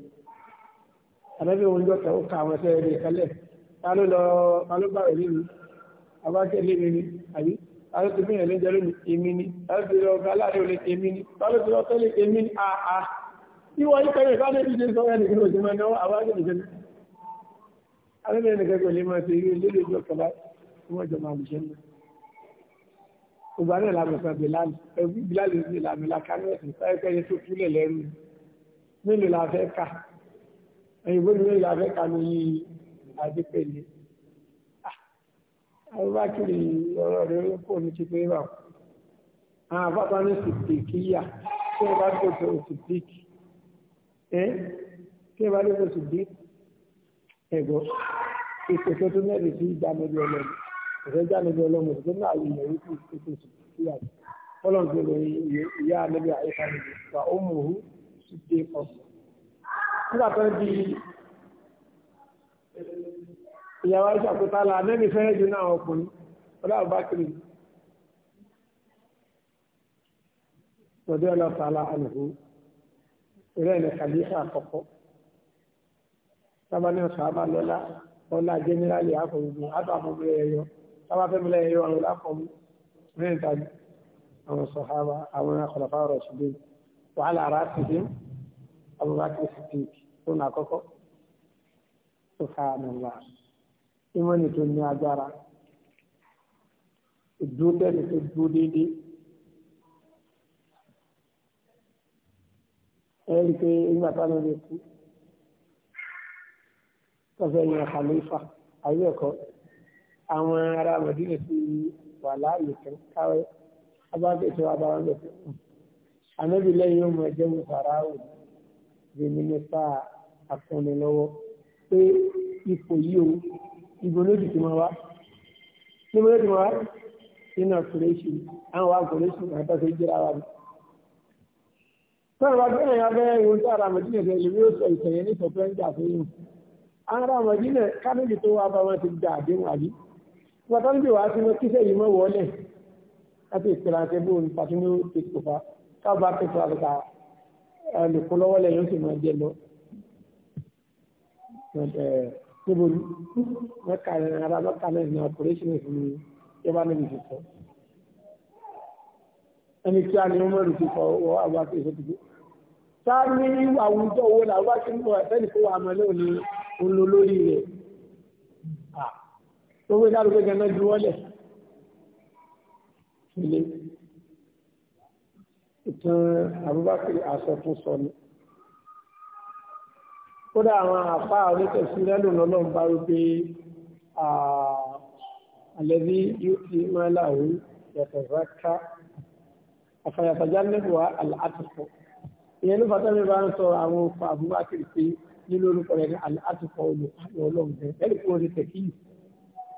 àdábì wọn jọ kẹwọ́ ká àwọn ṣe eré kálẹ̀ ta ló lọ ta ló bá òní mi abákẹ́ lé mi ni àbí ta ló ti bíyàn lẹ́jọ́ lónìí èmi ni ta ló ti lọ ọ̀gá aláàrẹ olè èmi ni ta ló ti lọ tẹ́lẹ̀ èmi ni àà ìwọ ìkẹrẹ ìfáàdé ṣe sọ ẹnì kí ló ti máa náwó àbájẹ́ ìṣẹ́lẹ̀ alẹ́bẹ̀rẹ̀ nìkan pẹ̀lú máa ṣe eré lórí ìjọ kọlá tí wọ́n jọ máa lùṣẹ́ náà ọba náà làmì sàn bìláàlì ẹbí bìláàlì ní ìlànà ìlàkánú ẹ̀sìn sáyẹ́kẹ́ yẹn tó kúlẹ̀ lẹ́rú mélòó la fẹ́ kà ẹ̀yìnbó ni mélòó la fẹ́ kà ní adépẹ̀lẹ́ àbúbákiri ọ̀rọ̀ rẹ̀ ló pọ̀ ní ti pé bá àwọn àpapọ̀ ní sìtìkì yà tí wọ́n bá tó tó ẹ̀gbọ́ ìpè tó tó mẹ́rin sí ìdámẹ́bí ọlọ́run ọ̀sẹ̀ ìdámẹ́bí ọlọ́run ọ̀sẹ̀ náà yìí yẹ̀wò kù ètò ìsìnkúyà ọlọ́run tó lọ ìyá àmẹ́bí àyíká níbi wà ó mú òhú sí dé ọ̀sán. nígbà tó ń di ìyàwó àyíká kó tá la àmẹ́bí fẹ́rẹ́ ju náà ọkùnrin ọlọ́run bá kiri lọ́dẹ́ ọlọ́ta la àlùkò ìrẹ́lẹ̀ kàlífà àkọ́kọ́ sábà ní ọ̀sán àbá lọ́lá ọlá jẹ́nẹ́rálì àfọ̀gbọ̀n àtàmọ́mọ́lẹ̀ ẹ̀yọ sábà fẹ́mọ́lẹ̀ ẹ̀yọ àwọn láfọ̀mù mẹ́rin tàbí àwọn sọ̀hábà àwọn akọ̀lọ̀fà ọ̀rọ̀ ṣùgbọ́n wàhálà ara ti dín abubakar sidik tó nà kọ́kọ́ tó fa àmàlà ìmọ̀nì tó ní agbára ìdúró tẹ́lẹ̀ tó dúró déédéé ẹ̀rí pé nígbà táwọn ọmọ ẹ̀kú tọ́fẹ́ ní àkàlẹ́fà ayé ẹ̀kọ́ àwọn ará mọ̀dílẹ̀ ti wà láàyè kan káwé abáńdé tó wà báwọn bẹ̀ fún un ànábì lẹ́yìn ọmọ ẹ̀jẹ̀ mú fàráwò lè ní nípa àfúnnilọ́wọ́ pé ipò yìí o ìbò lójú ti máa wá níbo lójú máa wá nínú àkùrẹ́sì àwọn wa àkùrẹ́sì àtàkùn ìjìra wa ni tọ́lá bá gbẹ́yìn abẹ́ ìwọ̀n tí ara mọ̀dílẹ̀ fẹ́ lè sọ ìtẹ̀yẹ ní sọ fún yìí ara mọ̀dínà kánìlì tó wá bá wọn ti gba àdéhùn àbí wọ́n tán bí wàá tí wọ́n kíṣẹ́ yìí mọ́ wọlé láti ìpìlẹ̀ àti ẹbí òun pàtó ní ti kò fa káàbà tó fa àbùkà ẹnìkan lọ́wọ́ lẹ̀ yóò sì máa jẹ lọ. níbo mẹ́ka ara mẹ́ka náà ní operation fún mi yóò bá níbi ìfẹ́. ẹni tí a ní wọ́n mọ̀rù ti fọ wọ́n àgbà tó ìfẹ́ tó dé. sáà ní àwùjọ wo làwọn bá ti nìkó wà á lónìí olólórí rẹ̀ tó wé dárúgbé gẹ́gẹ́ ju wọ́lẹ̀ ilé ìtàn Abubakar asọ̀tún sọ ni kódà àwọn àfá onítẹ̀sí lẹ́nu lọ́nà ń bá wípé àlẹ́bí yóò ti máa láwùú yàtọ̀ ráká àfàyàtàjá lẹ́bùwá àlàáfíkọ́ ìyẹn ló fàtẹ́mi bá ń sọ àwọn òkú Abubakar pé nínú orúkọ rẹ̀ ní aláàtúkọ̀ olù àwọn ọlọ́ọ̀dẹ ẹni tí wọ́n ti tẹ̀ kíyì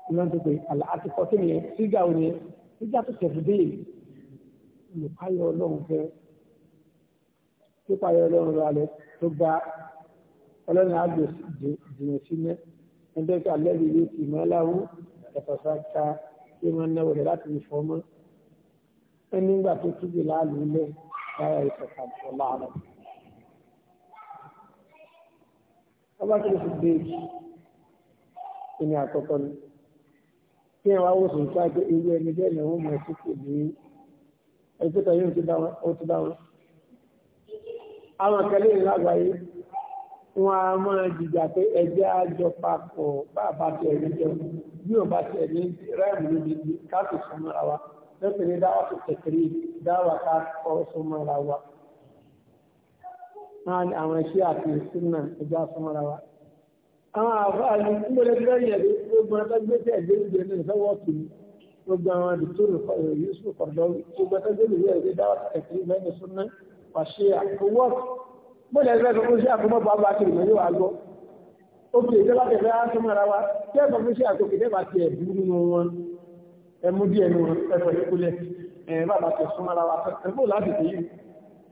ní wọ́n ti pè aláàtúkọ̀ kí ni sígá ò ní sígá tó tẹ̀ fúdé olùpáyọ̀ ọlọ́ọ̀dẹ tó páyọ̀ ọlọ́run rà lẹ tó gba ọlọ́run àgbò jìnnà sí mẹ́ ẹgbẹ́ tó alẹ́ mi yóò ti mọ́ láwù ẹ̀fọ̀sáka tí wọ́n náwó rẹ̀ láti fi fọ́ mọ́ ẹni nígbà tó túbi láàlú lẹ́ lára ìfọ̀sàkọ̀ láàrọ̀. ọba kí ló fi gbé èjì ìní àkọ́kọ́ ni kí ẹ wá wò sùn tó àgbẹ̀ irú ẹni bẹ́ẹ̀ ni wọ́n mọ̀ ẹ́ sípò ní ẹgbẹ́ta yóò ti dá wọn. àwọn akẹ́lẹ́ ìlú àgbáyé wọn a máa jìjà pé ẹjẹ́ àjọ papọ̀ bàbá tẹ̀ ní jẹun bí ò bá tẹ̀ ní rẹ́ẹ̀mù níbi káàkiri súnmọ́ra wa lẹ́sìn ní dáwà tó tẹ̀kiri dáwà ká kọ́ súnmọ́ra wa àwọn iṣẹ́ àti ìsinmi ẹja súnmọ́ra wa. àwọn àfáàlì ìgbẹ́lẹ̀ lẹ́yìn ẹ̀rí gbogbo ẹgbẹ́gbẹ́sẹ̀ ẹgbẹ́gbẹ́ ní ìfẹ́wọ́kì gbogbo àwọn àdìtòrò eh, Yusuf kọ̀dọ̀wì gbogbo ẹgbẹ́gbẹ́ ẹgbẹ́ dáwà ẹ̀kí lẹ́yìn súnmọ́ pàṣẹ àkọwọ́ bóyá ẹgbẹ́ tó kún sí àkọmọ́ bọ́ bá kiri mọ́ yóò wá gbọ́. òkè ìjọba kẹfẹ́ á súnmọ́ra wa kí ẹ̀kọ́ fún sí àkókè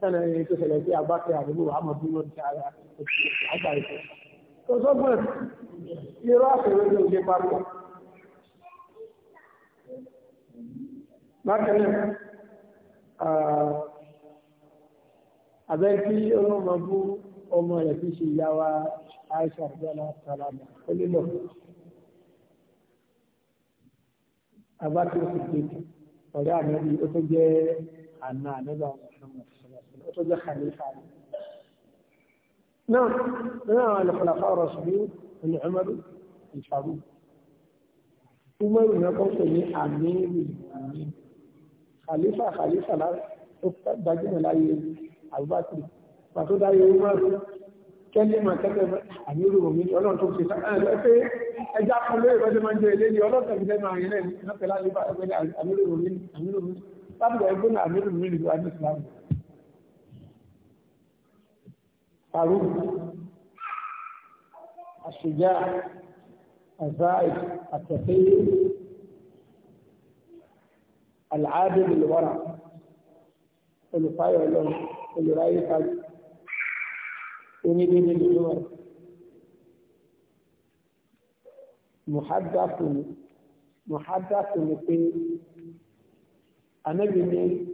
sẹ́nà ẹni tó ṣẹlẹ̀ sí àbáfẹ́ àdúgbò àmọ̀bí wọn ti ara àgbà ìfẹ́. tó sọ́gbọ̀n irọ́ àfẹ́wé ló gbé papọ̀. bákan náà abẹ́ tí ọlọ́mọ bú ọmọ rẹ̀ fi ṣe ìyá wa Aisha abdullah salama onílọ abáfẹ́ òsì tètè ọ̀rẹ́ ànábi ó tó jẹ́ àna ànábà wọn tó jẹ́ khalifa ni náà nínú àwọn al-khulafa ar-rashidun ní Umar al-Faruq Umar ní ọkọ̀ pè ní àmìrì ní khalifa khalifa gbajúmọ̀ láyé Abubakar pàtó dáyé Umar kẹ́lé máa tẹ́tẹ́ àmìrì omi ọlọ́run tó ṣe sáà ẹ̀ pé ẹja kan lórí ìrọ́jẹ́ máa ń jẹ ilé ní ọlọ́tẹ̀ ìjẹ́ máa yẹn lẹ́yìn náà omi láti ẹgbẹ́ القارون الشجاع الزائد التقي العادل الورع الفاير لهم الرأي قلب ونبيل الجوار محدث محدث في النبي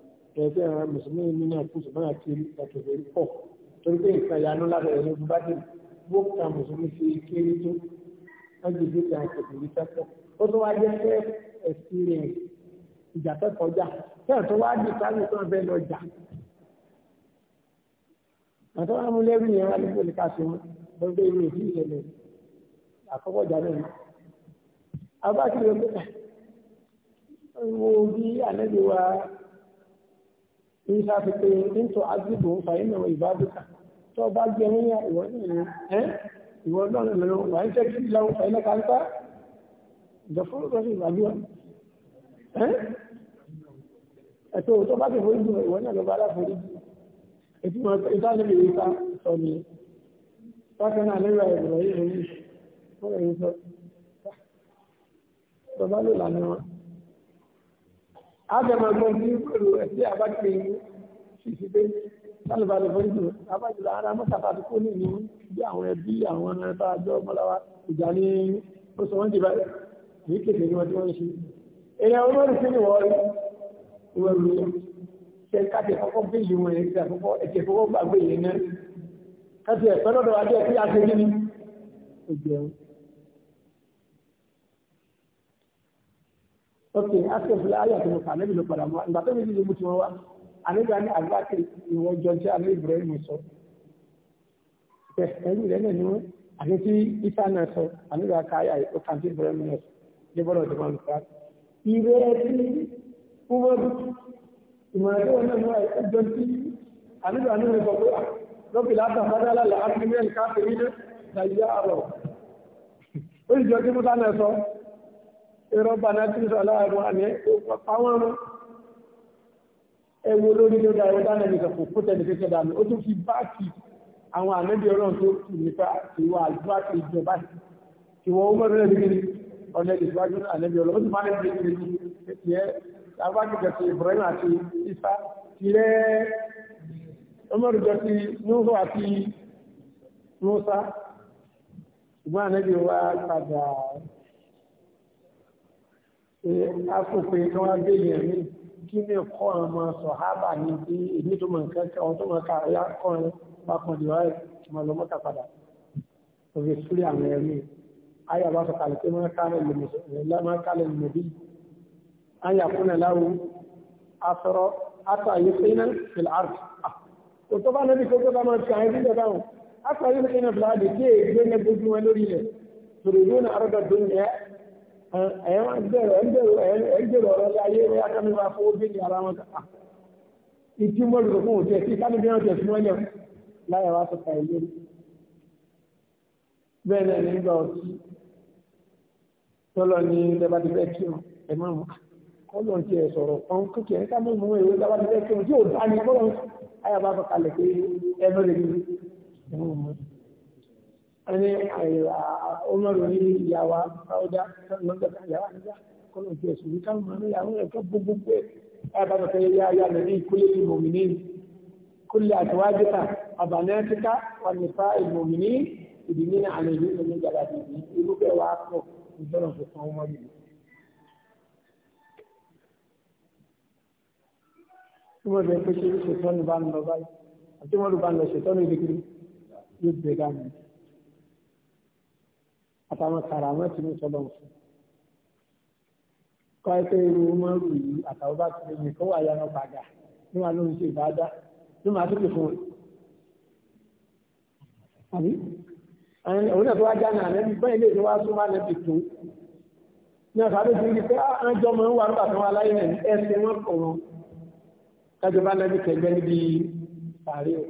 ẹgbẹ́ àwọn mùsùlùmí nínú ẹ̀kúsù náà ti ẹ̀tùfẹ́ pọ̀ torí pé nǹkan ìyanu lábẹ́ ẹ̀rọ bá dé gbókùtà mùsùlùmí ti kéré tó ẹgbẹ́ ìgbésẹ̀ àkókò yìí tẹ́tọ̀ ó tó wá jẹ́ experience ìjà tẹ́kọ̀ọ́ jà tẹ́ẹ̀ tó wá di káyọ̀ tó ń bẹ́ lọ jà àti wọn amúlẹ́rù yẹn wá nípò ní káṣí wọn lọ́dọ̀ ìlú ìdí ìṣẹ̀lẹ̀ àkọ́kọ́ jà náà abákìlẹ̀ kí n sáfi pé ń tọ́ agbègbè ń fa ìnáwó ìbádùkà tó bá gbé ní ìwọ náà ẹ́ ìwọ náà lọ́nà lọ́wọ́ wà ń tẹ́ kí láwọn fa iná káńtà ìjọfún lọ́sìn ìgbàgbọ́ ẹ́ ẹ̀tọ́ tó bá ti forí jù ìwọ náà lọ́ba aláforí jù ètí wọn ìdánilè ìta sọ ni bákan náà lẹ́yìn ìrọ̀ yìí lórí ìṣòro ìṣòro ágẹ̀mọ̀gbọ́n ní pẹ̀lú ẹ̀sẹ̀ àbájẹ́ ṣìṣì pé sálùbàlù fọ́nìtò abájẹ́ ara mọ́sàkà tó kó ní ìlú bí àwọn ẹbí àwọn ẹ̀bá àjọ ọmọláwa ìjà ní oṣù wọn dìbà ní kéde ní wọn tí wọ́n ṣe. èèyàn olórí sí ni wọ́n rí ìwọ̀n rí ṣe káàkiri kọ́kọ́ bí ìlú wọn ẹ̀sẹ̀ àkọ́kọ́ ẹ̀sẹ̀ kọ́kọ́ gbàgbé yẹn náà káàkiri ẹ̀sẹ̀ lọ́dọ̀ adé ẹ̀ ok asèfúlẹ̀ ayé àti mùsà ànábì ló padà mọ́ ìgbà tó ní ìlú tí wọ́n wá ànábì àní àgbàkì ìwọ̀n jọ tí ànábì Ibrahim sọ ẹ̀rù rẹ̀ náà ni wọ́n àti tí isa náà sọ ànábì àká ayé àyè ọkàn tí Ibrahim náà sọ ní bọ́lá ọ̀dọ́ wọn fà. ìwé ẹtí fúnmọ́dù ìmọ̀ràn tó wọn náà wọ́n ẹjọ́ tí ànábì àní rẹ̀ sọ pé lọ́pì látàfádàlà làásìmẹ́ẹ̀lì káfíńdé ìrọ́bà náà tí sọ́lá àwọn àmì pàwọn ọmọ ẹwọ lórí ló dáa ẹ̀dá náà nìkan kò kótẹ́ ní kékeré àmì ó tún fi báàkì àwọn àmẹ́bí ọlọ́run tó kù nípa ìwà àdúrà tó ìjọba tí wọ́n mọ̀ lórí ẹ̀dí ọ̀nà ìgbàjú àmẹ́bí ọlọ́run ó tún máa ń gbé ní ti Ibrahim àti Isa tirẹ̀ ọmọdúnjọ ti Nuhu àti afúnpé tí wọ́n gbé yẹn ní kí ní ẹ̀kọ́ ọmọ sọ̀hábà ní bí èmi tó mọ̀ nǹkan kan tó mọ̀ ká ẹ̀yà kan bákan lè wáyé tí wọ́n lọ mọ́ta padà òfin sílé àwọn ẹ̀mí ayé àbá sọ kàlẹ́ pé máa kálẹ̀ lè bí ayé àkúnlẹ̀ láwo asọ̀rọ̀ asọ àyè sẹ́yìnà fìlà àrùn ah! ẹ̀wọ̀n ẹgbẹ̀rọ ọ̀rọ̀ láyé rẹ̀ akámẹ́bà fowó dé ní ara wọn ká ìtí mọ́ lùkọ́ fún òtẹ́ sí káàkiri ọ̀rọ̀ tẹ̀sí wọ́n yẹ̀ láyé wá sọ ká ilé bẹ́ẹ̀ náà nígbà ọtí tọ́lọ ní lẹ́bà ti fẹ́ kí wọn ẹ̀ máa mú kọ́lọ̀ ti ẹ̀ sọ̀rọ̀ kan kókè ẹ̀ káàmú mú ìwé lẹ́bà ti fẹ́ kí wọn tí ò dá ní kọ́lọ̀ ayàbá fọ kalẹ̀ pé ẹ ẹni àìrà ọmọrò ní ìyàwó ọdá lọ́gbẹ̀ta ìyàwó àníjá kọ́nà tí ẹ̀sùn wíkà mọ̀ ní àwọn ẹ̀kọ́ gbogbogbò ẹ̀bàbàtẹ̀ yá yá lórí ìkúlé ìmòmìnì kúlé àtiwájúta àbànẹ́tíká wà nípa ìmòmìnì ìdíní àlejò ìlú ìjàdá bìbí irúfẹ́ wa pọ̀ ìjọ́nà tó san ọmọ yìí. tí wọ́n bẹ pé ṣe ṣètọ́nù bá ń lọ báyìí àti wọ́n lù bá ń lọ ṣètọ́nù ìdíkiri yóò gbé dání àtàwọn kàràmọ́ ti ní sọ́dọ̀ fún kọ́ ẹ pé irú mọ́rù yìí àtàwọn bá ti lè kọ́ wà yára padà ní wà ló ń ṣe ìbáadá ló máa tóbi fún un àbí òun náà tó wá jáná àlẹ́bí bẹ́ẹ̀ lè tó wá sún wá lẹ́bí tó ní ọ̀sán tó ti rí pé ah, àjọ mọ̀ ń wà nígbà tó wá láyé ẹ̀ ẹsẹ̀ wọn kọ̀ wọn kájọba lẹ́bí kẹgbẹ́ níbi pàrí o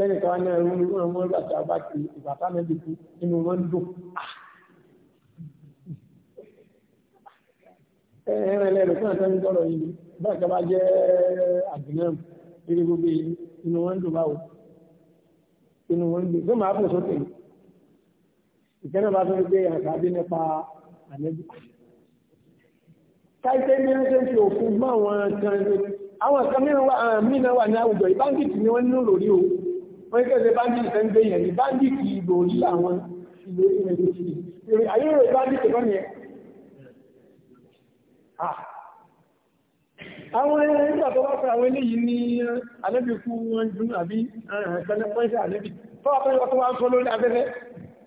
sẹ́ni kan náà ẹ̀rú ní wọ́n mọ́ ìgbà tí a bá ti ìgbà tá náà dìkú nínú wọn ń dùn. ẹ̀rọ ẹlẹ́rìí fún àtẹ́ni tọrọ yìí bá ìjọba jẹ́ àgbìnàmù nínú gbogbo yìí nínú wọn ń dùn báwo nínú wọn ń dùn tó máa bò sókè ìkẹ́nà bá tó ń gbé àgbàdé nípa ànẹ́bí káìsẹ́ ní ẹgbẹ́ tí ó fún máwọn kan àwọn kan mìíràn wà ní àwùjọ ìbáǹkì tí ni wọ́n ń lò lórí o wọ́n kẹ́sẹ̀ bandit tẹ́ ń gbé yẹn ní bandit ìgbò orí àwọn ìlú ilẹ̀ tó ti rí ayé rẹ̀ bandit kọ́ ni ẹ̀ àwọn ẹgbẹ́ tó wá fẹ́ àwọn eléyìí ní alẹ́bìkú wọn jù àbí ẹ̀ẹ̀kẹ́lẹ́pọ́ẹ́sẹ̀ alẹ́bì tó wá fẹ́ wọ́n tó wá ń sọ lórí abẹ́fẹ́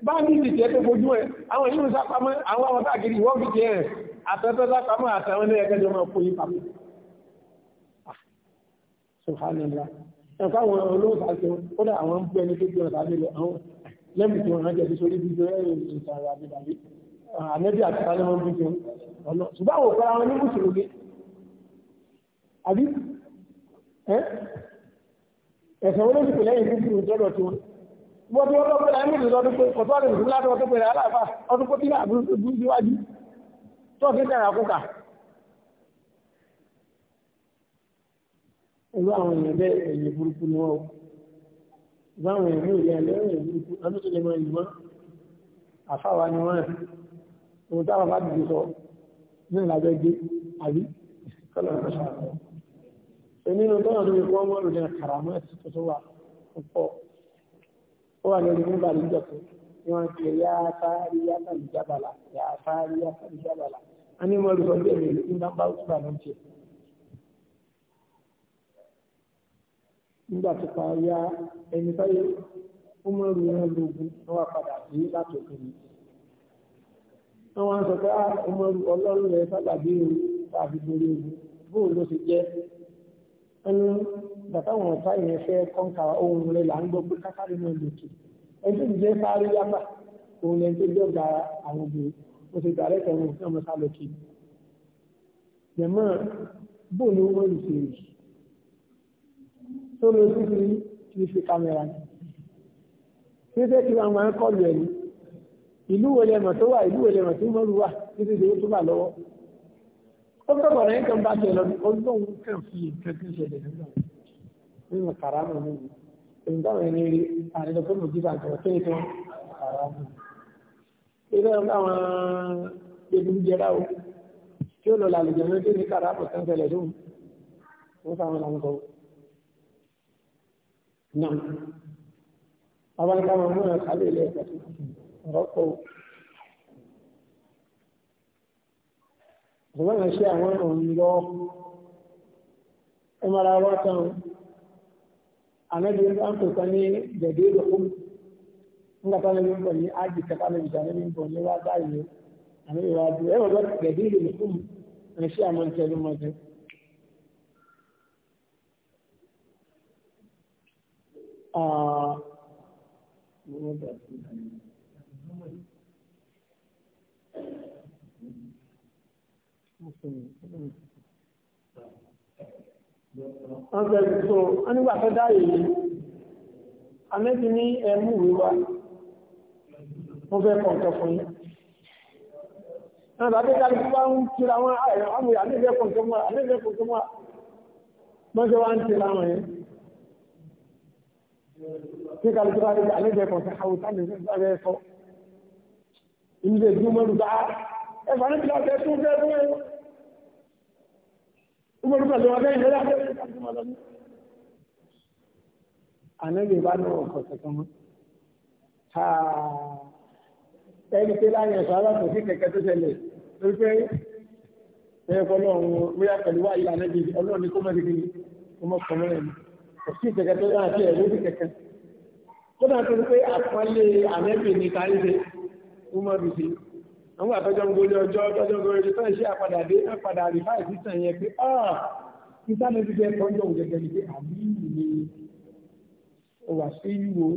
bandit jẹ́ tó fojú ẹ̀ àwọn ìlú sápamọ́ àwọn àwọn káàkiri wọ́n fi jẹ́ ẹ̀ àtẹ́tẹ́ sápamọ́ àtàwọn ẹgbẹ́ jọ máa kó yí pàmò Subhanallah ẹ̀ka àwọn olóòfà ṣe kódà àwọn ń bú ẹni tó jẹ́ ọ̀tá nílò àwọn lẹ́mì tí wọ́n jẹ́ sórí bí jẹ́ ìṣàrà àbíbàbí àmẹ́bí àti sálẹ́ wọn bí jẹ́ ọ̀nà ṣùgbọ́n àwọn òkúra wọn ní mùsùlùmí àbí ẹ̀sẹ̀ wọn ló sì pè lẹ́yìn fún fún ìjọ́dọ̀ tí wọn wọ́n tí wọ́n lọ pẹ̀lú àmì ìrìnlọ́dún pé kọ̀tọ́ àdìsí látọ̀ tó pẹ̀lú aláàfà ọdún kó tí náà àbúrú síwájú tó fi dára kúkà irú àwọn èèyàn bẹ́ẹ̀ ẹ̀yìn burúkú ni wọ́n o irú àwọn èèyàn ní ìlẹ̀ ẹ̀lẹ́ ẹ̀yìn burúkú amúṣẹ́lẹ̀ mọ́ ìlú mọ́ àfáwa ni wọ́n ohun táwọn bá dìde sọ ní ìlàjọ gbé àbí kọ́lọ̀ ìrọ̀ṣà nínú tọ́nà tó fi kọ́ mọ́rù ní àkàràmọ́ ẹ̀sìn tó wà púpọ̀ ó wà lórí nígbà níjọ pé wọ́n ti yá sáárí yá sáárí jábàlá yá sáárí yá sáárí jábàlá a ní mọ́rù sọ bí ẹ̀mí ìlú ń bá nígbà tó pa ya ẹni táyé ó mọ ìlú yẹn lógun wọn wá padà sí láti òkè mi. wọn wá ń sọ pé a ah, ọmọ ọlọ́run rẹ sábà bí o tàbí borí o bóun ló ti jẹ́ ẹni bàtàwọn ọ̀tá yẹn fẹ́ kọ́ńkà ohun rẹ là ń gbọ́ pé kákàrí náà lòkè ẹni tó ti jẹ́ sáré yábà òun lẹni tó jọ̀gà àwọn obìnrin mo ti gbà lẹ́kẹ̀ẹ́ wọn fún ọmọ sálọ kì í. jẹ̀mọ́ bóun ni wọ́n ń tó lo síkiri kì í ṣe kámẹ́rà ni títí tí wọn máa ń kọlu ẹ̀ ní ìlú wo lẹ́mọ̀ tó wà ìlú wo lẹ́mọ̀ tó mọ́rù wà títí tí tó bà lọ́wọ́ ó tọ̀bọ̀ rẹ̀ kan bá tẹ̀ lọ ọdún kan fi nǹkan tó ṣẹlẹ̀ nígbà nínú kàrámù mi èyí táwọn ẹni rí àrẹ tó mọ̀ jíjà àgbọ̀ tó ètò kàrámù ilé àwọn egun jẹra o tí ó lọ làlùjọ ní kàrámù tó ń ṣẹlẹ̀ lóhùn ó sáwọn làǹkọ̀ọ́ نعم طبعا كما هنا الخليل رقوا ṣùgbọ́n ṣe àwọn òun lọ ẹmọ́ra rọ́tàn anábìyàn bá ń pè kan ní gẹ̀dẹ́ ìlọ́kùn ńgbàtà lẹ́bí ń bọ̀ ní ájì kẹta lẹ́bí ìjà lẹ́bí ń bọ̀ ní wá báyìí anábìyàn wá bí uh, wọ́n bẹ̀rẹ̀ tó wọ́n nígbà tó dáyé yìí amẹ́bí ní ẹmú wíwá wọ́n fẹ́ kọ̀ǹtọ̀ fún yí náà bá tẹ́ káàkiri bá ń tira wọn ààrẹ àmì àmì ìfẹ́ kọ̀ǹtọ̀ mọ́ra àmì ìfẹ́ kọ̀ǹtọ̀ mọ́ra mọ́jọ́ kí kálukú bá rí àlejò ẹ̀kọ́ sí àwòtá lè fi sáré ẹ̀kọ́ ilé ìlú mọ́lù bá ẹ̀fà níbi láti ẹ̀ tún fẹ́ fún ẹ̀ mọ́lù pẹ̀lú ọdẹ ìlú láti ẹ̀ tún fẹ́ fún ẹ̀ ànágbè bá ní ọkọ̀ kẹ̀kẹ́ mọ́ ẹni pé láyé ẹ̀sọ́ aláàtọ̀ sí kẹ̀kẹ́ tó ṣẹlẹ̀ lórí pé ẹ̀kọ́ náà wọ́n rí àpẹ̀lú kò sí ìgbẹ̀gẹ̀ tó dáa sí ẹ̀rọ ní kẹ̀kẹ́ tó dáa tó pé àpọ́nlé àmẹ́bì ní káyíṣe umaru sí àwọn àtọ́jọ́ gbogbo ọjọ́ tọ́jọ́ gbogbo ọjọ́ tó ń ṣe àpadà dé àpadà rí báyìí sí sàn yẹn pé ah ìta ní ti jẹ́ tọ́jọ́ gẹ́gẹ́ ni pé àbí ni wà sí ìwò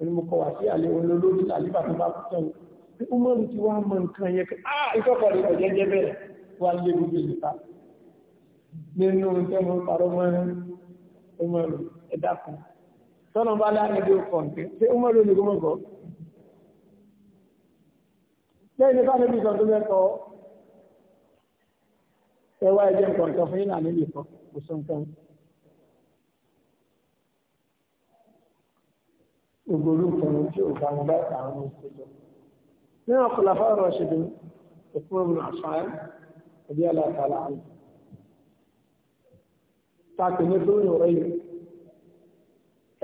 onímọ̀kọ wà sí àlẹ́ olólórí àlífà tó bá kú sàn pé umaru ti wá mọ nǹkan yẹn pé ah ìtọ́kọ̀ rẹ̀ ọ̀jẹ́ jẹ́ bẹ́ẹ̀ wà lé gbogbo ìta nínú tẹ́mọ̀ parọ́ Umaru ẹ̀dá kan tọ́nà bá láàrin bí ó kọ̀ ní ṣé Umaru ní gómọ̀ kọ́. lẹ́yìn nípa níbi ìsọ̀tún mẹ́kọ̀ọ́ ẹwà ẹ̀jẹ̀ nǹkan kan fún yín náà níbi ìkọ́ kò sọ nǹkan. gbogbo olùkọ́ tí ò bá ń bá àwọn ọmọ ìṣèjọ. nínú ọ̀pọ̀lọpọ̀ ọ̀rọ̀ ṣèdè ìfún ọmọ àṣà ẹ̀bí aláàtàlà àná tààtì ní tó yọ̀ ẹ̀yìn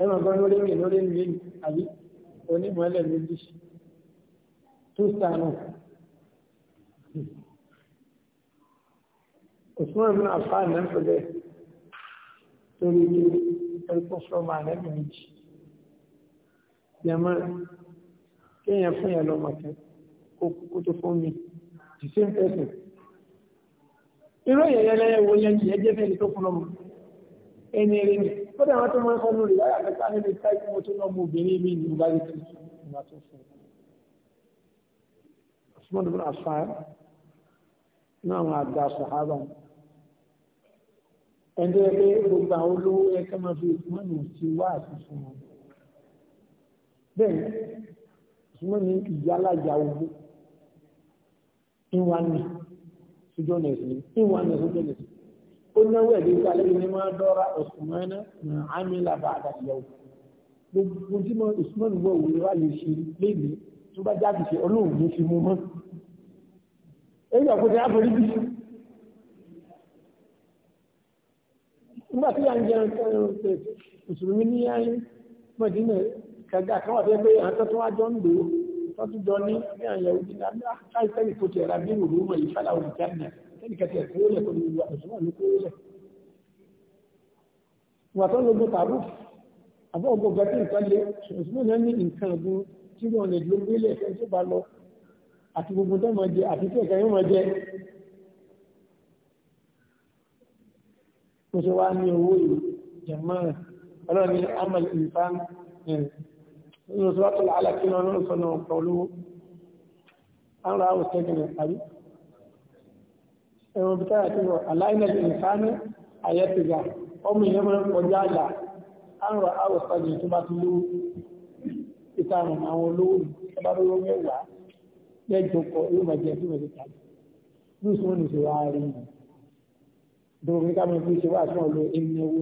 ẹ̀mọ̀ bá lórí mi lórí mi lẹ́nu àbí onímọ̀ọ́lẹ̀ méjì tó sànù. Usman bin Affan náà kò bẹ́ẹ̀ torí kí ẹ̀kọ́ fún ọmọ rẹ̀ méjì. Yàmá kéèyàn fún yàn lọ́mọ kan kó tó fún mi the same person. Irú èèyàn yẹn lẹ́yẹ̀ wo yẹn jẹ́ fẹ́ni tó fún ọmọ ẹni eré ni kódà àwọn tó máa ń kọ́nu rè láyà mẹ́ta nínú ìta ìkú mo tó náà mú obìnrin mi ní ìgbà yìí tó ìgbà tó fún un. Usman ibn Affan ní àwọn àgbà sàhábà ẹni tó yẹ pé gbogbo àwọn olówó yẹ máa fi Usman ti wá àtúnṣe wọn. Bẹ́ẹ̀ni Usman ní ìyálàjà owó ìwà ní ìjọ nẹ̀sìn ìwà nẹ̀sìn ìjọ nẹ̀sìn onáwó ẹ̀dí tí alẹ́ yìí ni máa dọ́ra ọ̀sùnmọ́ná ní àmìlà bá àdàtìyàwó gbogbo tí mo ìsúná nìgbà òwúrọ̀ wá lè ṣe léèmí tó bá jáde ṣe ọlọ́run ló fi mú mọ́ èyí ọ̀pọ̀tẹ́ àbórí bí nígbà tí à ń jẹun tẹ́lẹ̀ mùsùlùmí ní ayé mọ̀dínà kàgà kan wà fẹ́ pé àwọn tọ́tún wá jọ ń lò ó tọ́tún jọ ní ní àyẹ̀wò dídá láìpẹ́ ìkòtì ẹ̀rà ẹnìkẹtẹ kúrò lẹ pẹ̀lú àdùsùnmọ ní kúrò lẹ ìwà tó ń gbogbo tààrù àbọ̀ ọgbọ̀ gẹ́gẹ́ nǹkan lé ṣùgbọ́n náà ní nǹkan ọ̀gbun tí wọ́n lè ló gbélé ẹ̀fẹ́ tó bá lọ àti gbogbo tó máa jẹ àti tí ẹ̀ka yóò máa jẹ. mo ṣe wá ní owó yìí jẹ̀mọ́ ọlọ́run ní amal ìfán nínú ẹ̀wọ̀n bí táyà tó rọ̀ aláìlẹ̀ ìfánú àyẹ́tìgà ọmọ ìyẹn mọ́ kọjá àlà àrùn àwòsàjì tó bá ti lówó ìtàrùn àwọn olówó bá lówó mẹ́wàá lẹ́jọ kọ yóò máa jẹ sí mẹ́ta ní ìṣòro ní ìṣòro ààrẹ yìí dọ̀rọ̀ ní káwọn ẹgbẹ́ ìṣòro àti wọn lo ẹni owó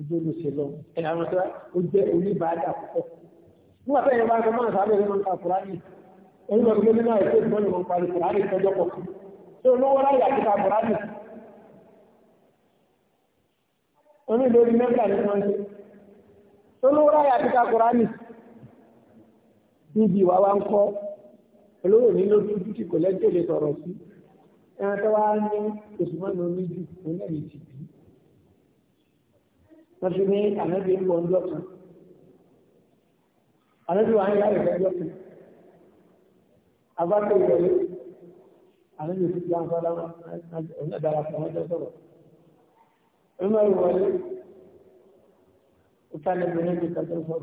ìjọ ló ṣe lọ ẹni àwọn tó ó jẹ oníbàádà púpọ̀ nígbà tó yẹ bá ń sọ máa sábẹ́ ẹni máa ń ka kùránì onígbà tó gbé nínú àìsí ìgbọ́n tó olówó láyé àti kàbùrádì onílórí mẹ́ta ní wọ́n ṣe tó olówó láyé àti kàbùrádì níbi ìwà wa ń kọ́ olówó ní lójú títí kò lẹ́jọ́ lè sọ̀rọ̀ sí ẹran tó wá ní oṣù mọ́nà oníjù onílẹ̀ ti bí wọ́n fi ní ànábì ń bọ̀ ń dọ́kan ànábì wà ń yára ìfẹ́ dọ́kan abákẹ́ ìwọlé àwọn yóò fi gbáǹkọ́ láwọn ọ̀nàdàràpọ̀ wọn jọ sọ̀rọ̀ ọmọ ìwọlé ìtàlẹ̀mọ̀ ní ìjọba sọ̀rọ̀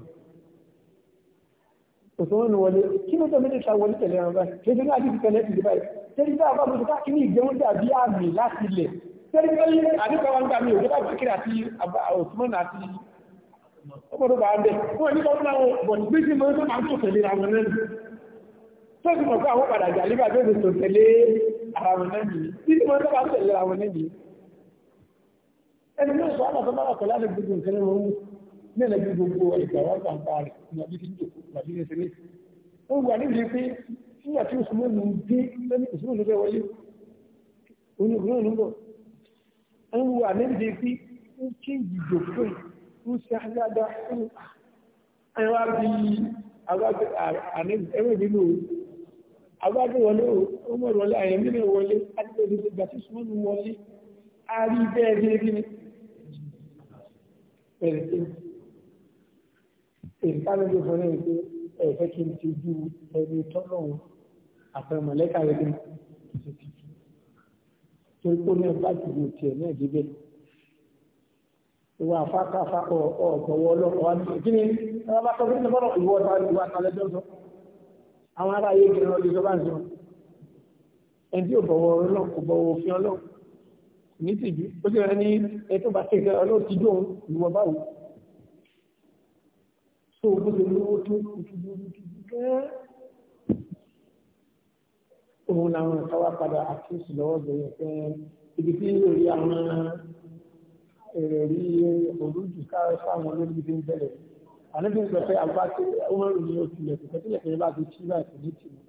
òṣùwọ́n ni wọlé kí ló tó mílíkà wọlé tẹ̀lé wọn báyìí kí ló náà dìbò tẹ̀lé ìdìbò báyìí tẹ́lí bá bá mọ̀tò káàkiri ìgbéwọ́n dàbí àmì láti ilẹ̀ tẹ́lí bá yí àdúgbò wọn gbà mí òjò bá bàkìrì àti tó ti mọ̀ pé àwọn padà jà nígbà tó ti tò tẹ̀lé ara wọn náà nìyí títí wọn tó bá tẹ̀lé ara wọn náà nìyí. ẹni náà sọ àmọ̀ tó bá wà pẹ̀lú àti gbogbo nǹkan ló ń ní ẹ̀lẹ́ bí gbogbo ìgbà wọn kà ń pa rẹ̀ ní àbí kí n jòkó àbí kí n ṣeré. ó wà níbi pé nígbà tí oṣù mẹ́nu dé lẹ́nu oṣù mẹ́nu bẹ́ wọlé onígbòrò ń bọ̀. ó wà níbi pé ó kí ìjòkó ń ṣe àgbàdà ẹ̀wà bíi àgbàdà ẹ̀wẹ̀ nínú agbádùn wọlé ọmọ ìrọ̀lé àyẹ̀mí rẹ̀ wọlé adìgbòdì tó gbà tí súnmọ́nù wọlé a rí bẹ́ẹ̀ bẹ́ẹ̀ bí ní bẹ̀rẹ̀ tí ìrìkálẹ́gbẹ̀ fún ẹ̀rẹ́ pé ẹ̀fẹ́ kí n ti ju ẹni tọ́lọ́run àfẹ́mọ̀lẹ́kà rẹ̀ ní torí pé ó náà bá ti gbòòtì ẹ̀ náà débẹ̀ ìwà afákàfà ọ̀gbọ̀wọ́ ọlọ́pàá kí àwọn ará ayé kìí lọ́ọ́ di sọ́bà ń sọ ẹni tí ò bọ̀wọ̀ ọlọ́run kò bọ̀wọ̀ òfin ọlọ́run ní tìjú ó sì rẹ ní ẹtọ́ bá ṣe ọlọ́run ti dùn ìwọ báwo tó o gbọ́dọ̀ lówó tó kùtùkùtù gẹ́ẹ́ òun làwọn ìtawà padà àkíyèsí lọ́wọ́ bẹ̀rẹ̀ pé ibi tí orí àwọn èrè rí orújù káwé fáwọn olórí ti ń bẹ̀rẹ̀ àníbi ń sọ pé àgbàtí ọmọrùn ni ó ti lẹ̀ kò tẹ́lẹ̀ pé bá ti tí bá ti ní tì mí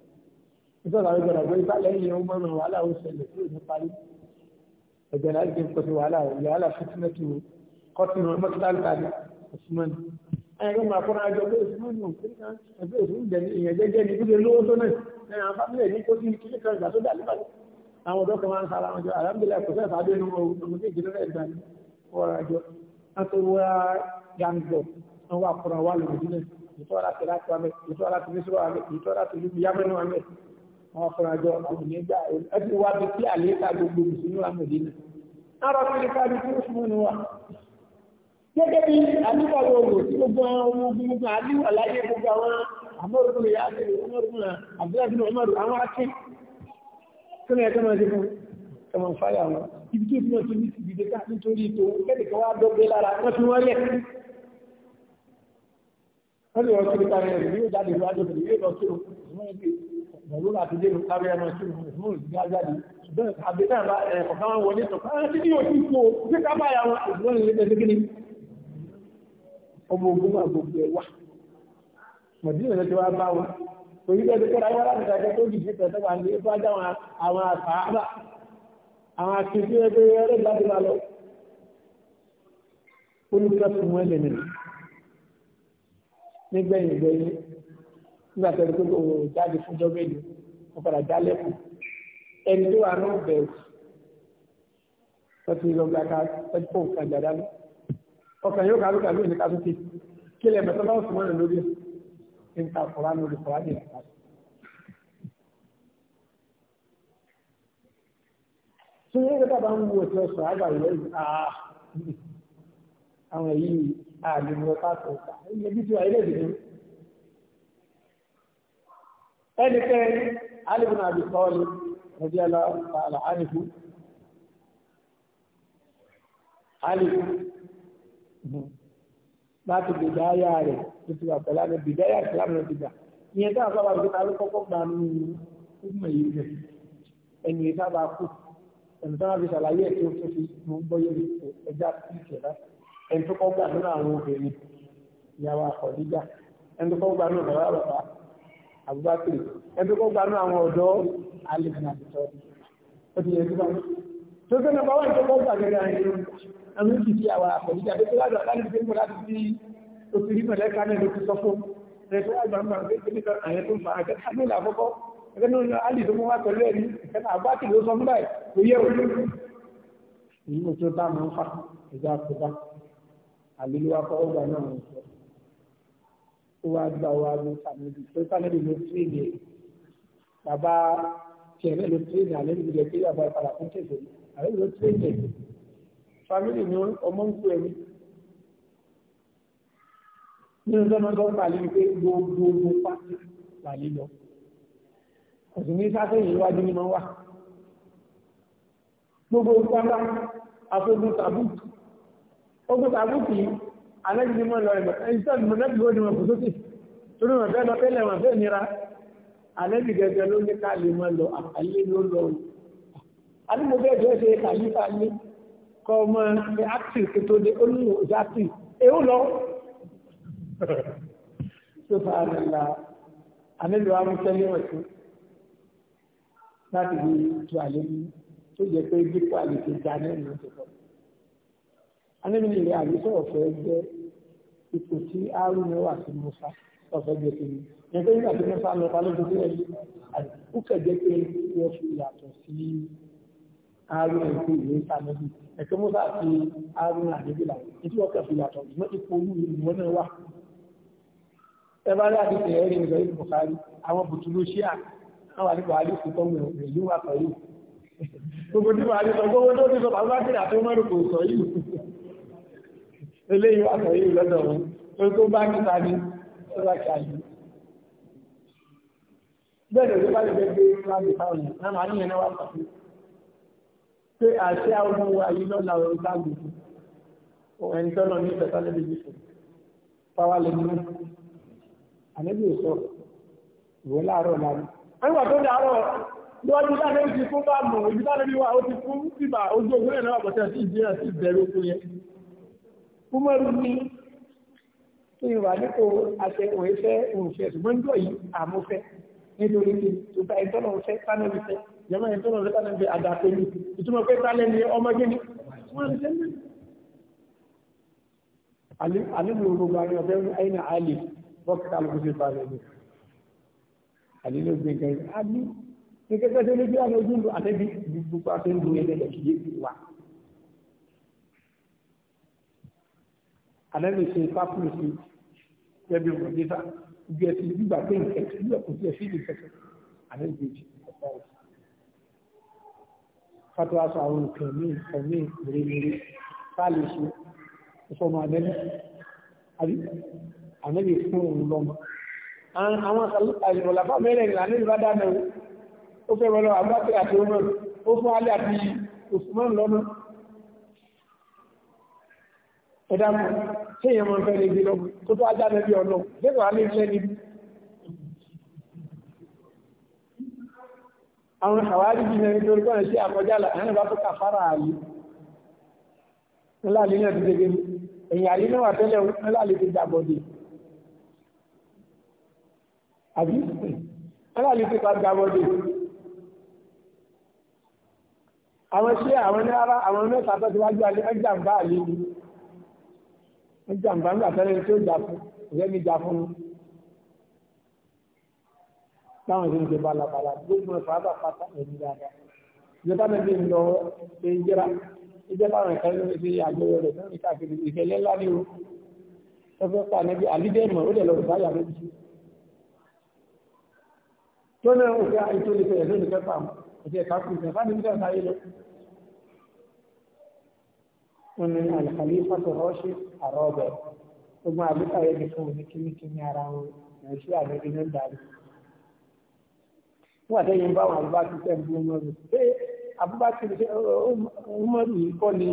nítorí àwọn ìgbàlá gbé bá lẹ́yìn ọmọrùn wàhálà ó ṣẹlẹ̀ tí ò ní parí ẹ̀jẹ̀ láti gbé pẹ̀lú wàhálà ò wàhálà fitinẹ́tì ò kọ́tìnù mọ́tàlùkà ní òṣùmọ́ni. ẹ̀yìn máa kọ́ra àjọ pé òṣùmọ́ni ò kíríkà ẹgbẹ́ òṣùmọ́ni jẹ̀ni ìyẹn jẹ́jẹ́ ní gbígbé lówó tó náà ẹ̀yìn àwọn fámílẹ̀ ní kó sí kíríkà ìgbà tó dà nípàdé àwọn ọ̀dọ́ kan máa ń sara wọn jọ àlámbílẹ̀ kò sẹ́ẹ̀ sáà dé nínú ọmọdé ìgbìlẹ̀ ẹ̀dá ní ọ̀rọ̀ àjọ wọ́n wà kọ́ra wà lórí ìdílé ìtọ́ láti láti wàmẹ́ ìtọ́ láti ní sílọ́ wàmẹ́ ìtọ́ láti ní bí yámẹ́nu wàmẹ́ wọ́n wà kọ́ra jọ àwọn onígbà ẹbí wà bí kí àlééta gbogbo mùsùlùmí wà mẹ́dínà. arọ kiri káàdì tí ó fún wa. gẹ́gẹ́ bí àdúgbò òwò tí gbogbo àwọn ọmọ ogun gbogbo àdúgbò aláyé gbogbo àwọn amórúkú yà á bẹ̀rẹ̀ ọmọrúkú àbúrò ọmọrú àwọn akẹ́ tó ní ẹ̀kọ́ máa ṣe fún ọmọ fáyà wọn ibi tó fi wọn ti ní ti dìde ká nítorí ètò kẹ́ẹ̀kẹ́ wá dọ́gbé lára wọ́n fi wọ́n lẹ̀ wọ́n lè lọ sí ipa rẹ̀ rẹ̀ yóò jáde lọ́wọ́ àjọpọ̀ yóò lọ sí òun ìmọ̀lú láti dé lọ kárí ẹran sí òun ìgbà jáde ṣùgbọ́n àbí náà bá ẹ̀ ọ̀kan wọn wọlé tọ̀ ah, káwọn tí ní òtí kó ṣé ká bá ya wọn ìgbọ́n ilé tẹ́sí kí ni ọmọ ogun náà gbogbo ẹ̀ wà mọ̀dínà ló ti wá bá wọn òyìn tó ti kọ́ra ayé láti dàgbẹ́ tó dìde tẹ̀sẹ̀ wà ní ipá já àwọn àtàrà àwọn akẹ́kẹ́ ẹgbẹ́ ẹgbẹ́ láti máa lọ olùkọ́ fún wọn lẹ́nu nígbẹ̀yìn gbẹ̀yìn nígbà tó rí pé òun ò jáde fún jọ́gbẹ́ yìí ó padà já lẹ́kùn ẹni tó wà náà bẹ̀rù tó ti lọ gba ká ẹni fún nǹkan jàdá ní ọkàn yóò kárú kàlú ìní kású ti kí lè mẹ́tọ́ bá sùn mọ́nà lórí nǹkan fọ̀rá lórí fọ̀rá ní ìlànà. tí wọ́n ń gbé tábà ń wo ètò ọ̀sán àgbà ìlú àwọn èyí àlùmọ̀ káàtó ọ̀tà ẹbí tí wà ilé ìdìbò ẹnikẹ́ni alìbùn àbí kọ́ọ̀lì ẹbí aláàlá àríkú àríkú láti bìdáyà rẹ̀ tó ti wà pẹ̀lú àmì bìdáyà tí lámì náà ti gbà ìyẹn tó àfọwà bí ta ló kọ́kọ́ gbà ní ọmọ yìí rẹ̀ ẹni ìta bá kú ẹni tó wà fi ṣàlàyé ẹ̀ tó fi mú gbọ́yé ẹja sí ẹni tó kọ́ gbà nínú àwọn obìnrin ìyàwó àkọ́díjà ẹni tó kọ́ gbà nínú bàbá bàbá Abubakar ẹni tó kọ́ gbà nínú àwọn ọ̀dọ́ alẹ́gbẹ̀rún àbùtọ́ ó ti yẹ kí wọ́n tó tó náà báwọn tó kọ́ gbà gẹ́gẹ́ àyẹ̀wò àwọn ìdí ti àwọn àkọ́díjà tó tó ládùn àtàlẹ́ ìdí mọ̀ láti fi òfin rí mọ̀lẹ́ka náà ló ti sọ fún ẹni tó àgbà máa ń gbé kí nìkan àyẹ̀ tó ń fa àkẹ́kọ̀ọ́ ẹgbẹ́ náà ní alì tó mú wá pẹ̀lú ẹ̀rí ìkẹta àbákì ló sọ ń báyìí kò yẹ òun. èyí tó bá máa ń fa ìjà àkóbá àlélúwà fọwọ́gbà náà ń sọ ó wá gba wa ló sàmìlì tó sàmìlì ló tún ìdè bàbá tiẹ̀ náà ló tún ìdè àlẹ́ ìdè tí bàbá ìpadà fún tètè àlẹ́ ló tún ìdè fámìlì ni ọmọ ń kú ẹni nínú tọ́mọtọ́ ń pàlẹ́ wípé gbogbo ogun pátá làlẹ́ lọ ọ̀sìn ní sáfẹ́yìn iwájú ni wọ́n wà gbogbo ogun pátá afọ́gun ogun tàbùkì alẹ́gbẹ̀mọ́ lọ ẹ̀mọ̀ ẹ̀sọ́n mọ̀lẹ́bí ó ní wọn kò sókè torí wọn fẹ́ lọ pẹ́lẹ̀ wọn fẹ́ nira alẹ́bí gẹ́gẹ́ ló ní ká lè máa lọ àkàlẹ́ ló lọ alẹ́bí bẹ́ẹ̀ jọ ṣe kàlífà ní kọ́ ọmọ ẹ̀ ápì tó dé olùwò jápì èó lọ mú tu àlẹ́ tó jẹ pé dípò àlẹ́ tó ga náà ló ti kọ́ anábìnrin rẹ̀ àgbẹ̀sọ̀ ọ̀fẹ́ jẹ́ ipò tí arúgbó wà sí musa ọ̀fẹ́ jẹ́ kí ni ẹgbẹ́ nígbà tí musa lọ pa lójú sílẹ̀ yìí ó kẹ̀jẹ́ pé wọ́n fi yàtọ̀ sí arúgbó ìpè ìwé sàmẹ́bí ẹ̀kẹ́ musa fi arúgbó àdébí là ètí wọ́n kẹ̀ fi yàtọ̀ ṣùgbọ́n ipò olú ìwọ náà wà. ẹ bá rí àdìsẹ̀ ẹ̀rí ìgbà yìí bùkárí àwọn bùtùlù ṣíà àwọn àdìpọ̀ àdìsù tó ń rìn ìlú wà pẹ̀lú gbogbo tí wàá rí sọ gbogbo tó ti sọ bàbá eléyìí wà yìí lọ́dọ̀ wọn torí tó bá kíta ní tó bá kíta yìí. bẹ́ẹ̀ bá lè fẹ́ láti táwọn yẹn náà máa níyẹn náà wà sọ pé àṣẹ ọmọ wa yìí lọ́la ọ̀rọ̀ ìdáàbò fún ẹni tọ́nà ní ìfẹ́tọ́ lẹ́bi yìí fún fáwa lè mú àlejò sọ̀rọ̀ ìwé láàárọ̀ láàárọ̀. ẹgbà tó dàárọ̀ lọ́wọ́dún láàrín ti fún bá mọ̀ ìbí láàrín wà ó ti fún bíbà ojú ògùn kúmọ̀rù ní tó ìwà nípò àṣẹ òwẹ́fẹ́ òǹfẹ́ ṣùgbọ́n jọ yìí àmúfẹ́ nítorí pé tó ta ìtọ́nà òfẹ́ tánàbí fẹ́ yẹmọ ìtọ́nà òfẹ́ tánàbí àdàpẹ́ ní ìtumọ̀ pé tálẹ́ ní ọmọdé ní alimu gbogbo ayé ọ̀fẹ́ aina ali bọ́kítà lókùsí balẹ̀ ní alilu gbẹ̀gẹ̀ ali ní kẹ́kẹ́ tó lójú àwọn ojú àtẹ́bí gbogbo àtẹ́bí gbogbo ẹ̀dẹ̀ kìí wà ànábì ṣe pápúlù sí ẹbí ọmọ dídá ibi ẹtì gbígbà pé nǹkan tí yóò kò tiẹ̀ sí ìlú kẹ̀kẹ́ ànábì ṣe ọ̀pọ̀ ọ̀sẹ̀. fatu aṣọ àwọn nǹkan míì nǹkan míì mèremère tá a lè ṣe ìfọmọ ànábì àbí ànábì fún òun lọ́mọ. àwọn àyìnbọ̀láfà mẹ́rẹ̀ẹ̀rin ànábì bá dáná ó fẹ́ wọlé àbúrò àti ọmọ ó fún alẹ́ àti òṣùmọ́ lọ́mọ. ẹ dákun tí èèyàn máa ń fẹ́ lè gbé lọ́mọ kó tó ajá lẹ́bí ọ̀nà lẹ́kọ̀ọ́ alẹ́ iṣẹ́ níbi. àwọn àwárí bí ẹni tó rúkọ́ ṣe àkọjálà ẹni bá tó kàfàrà ààyè ńlá lílẹ̀ tó gẹ́gẹ́ ẹ̀yìn àyè náà wà tẹ́lẹ̀ ńlá lè ti gbàbọ̀dé àbí ńlá lè ti gbàbọ̀dé àwọn ṣé àwọn ní ara àwọn mẹ́ta tó ti wájú alẹ́ àlè ni ń jàǹbá ńgbà tẹ́lẹ̀ tí ó jà fún ọ̀rẹ́ mi jà fún mi táwọn ìṣẹ́ ìṣẹ́ balabala gbogbo ẹ̀fọ́ àbá pátá ẹ̀mí dáadáa ìjọba mẹ́bí ń lọ ṣe ìjẹ́ra ìjẹ́ báwọn ẹ̀ka ló ṣe àjọyọ̀ rẹ̀ lórí káàkiri ìṣẹ̀lẹ̀ ńlá ni o ẹgbẹ́ pa níbi àlídẹ́mọ̀ ó dẹ̀ lọ báyà lójú tó náà ń fẹ́ àìtó lè fẹ́ ẹ̀ lónìí wọn ní alìkàlífà tó rọ́ọ̀ṣì àrọ́ọ̀bẹ̀ gbogbo àbíkà yẹn nìkan ò ní kíníkíní ara wọn ẹ̀ sí àbẹ̀bí náà dàrú. nígbà tó yẹn bá àwọn abúbákí tẹ̀ ń bú ọmọdé pé abúbákí ọmọdé yìí kọ́ ni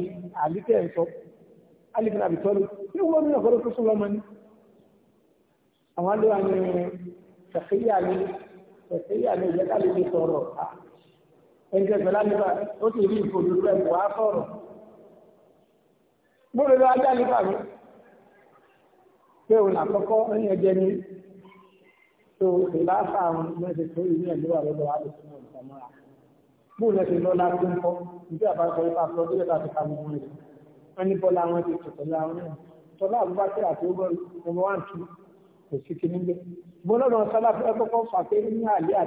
àbíkẹ́ ẹ̀ sọ alìkàlífà àbí tọ́lù tí wọ́n ní ọ̀gọ́dọ̀ tó sún lọ́mọ ni. àwọn àdúrà ni tẹ̀síyà bóòlù lọ ajá nípa mi pé òun àkọ́kọ́ ẹ̀yìn ẹ̀jẹ̀ ni tó ìlàáfà àwọn mẹ́sẹ̀ tó ìlú ẹ̀lú wà lọ́dọ̀ àdùsùn ìtàmọ́ra bóòlù ẹ̀sẹ̀ lọ láti ń kọ́ ìdí àbáṣọ ipa fún ọdún ẹ̀ka ti kàmú wọn rẹ̀ wọ́n ní bọ́lá wọn ti tò pẹ̀lú àwọn náà tọ́lá àbúgbà tí àti ogun tu kò sí kí nílé bọ́lá lọ sọ́lá fẹ́ kọ́kọ́ ní àlẹ́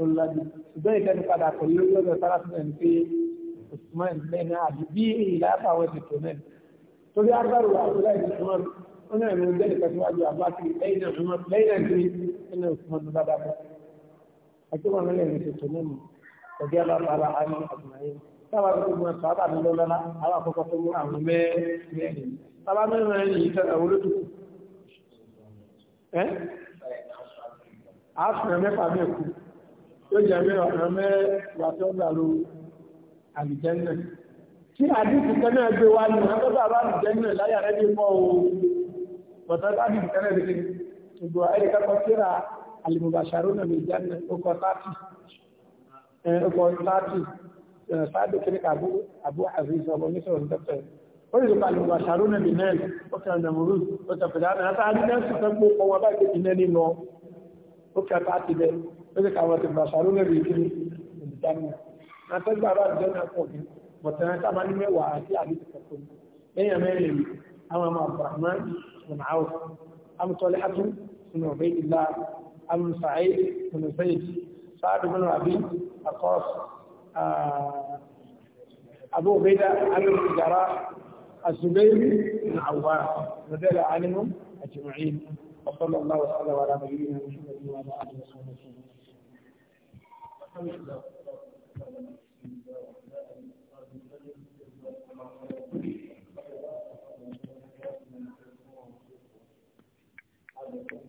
lọ́dọ̀ sára sílẹ̀ ní pé Usman lẹ́nu àbí bí ìlàáfà àwọn ètò náà torí agbárò àbúlá ìlú Usman ó náà ló ń bẹ́ẹ̀ tẹ̀síwájú àbáṣe lẹ́yìn náà lẹ́yìn náà kiri nínú Usman ló bá dá bọ́ àti wọn lẹ́yìn ètò náà nù ọ̀gá alábàárà àmì àgbáyé sábà tó gbọ́n sábà ní lọ́lọ́lá àwọn àkọ́kọ́ tó mú àwọn mẹ́rin sábà mẹ́rin yìí tẹ̀lé àlùjẹ́nà tí àdìsí kẹ́nà gbé wá ní ọgọ́gbà bá àlùjẹ́nà láyà rẹ̀ ní mọ́ ohun bọ̀tọ́gbà àdìsí kẹ́nà gbé gbogbo ẹ̀ẹ́dẹ́kọ́kọ́ síra alìmọ̀bàṣàrò náà ìjẹ́nà ọkọ̀ 30 ọkọ̀ 30 sáàdù kiri kàbú àbú àríṣà ọmọ oníṣẹ́ òun tẹ́tẹ́ ó lè pa lè wà ṣàrónà bí náà ó kẹ́ ọ̀nà mọ̀rú ó tẹ́ fìdá náà tá a ní náà sùn pé ọwọ́ bá gbé iná ní lọ ó kẹ́ ta ti bẹ́ ó lè kàwọ́ ti bà ṣàrónà bí kiri àtẹ́gbà bá jẹ́ náà pọ̀ ní bọ̀tẹ̀rẹ́ sábà ní mẹ́wàá àti àdìsí kẹ̀kọ́ lẹ́yìn mẹ́rin àwọn ọmọ abdulrahman ibn awf am talhatu ibn ubaydillah am sa'id ibn zayd sa'ad ibn rabi aqas abu ubayda al-jarrah الزبير بن عوام رضي الله عنهم اجمعين وصلى الله وسلم على نبينا محمد وعلى اله وصحبه وسلم Thank you.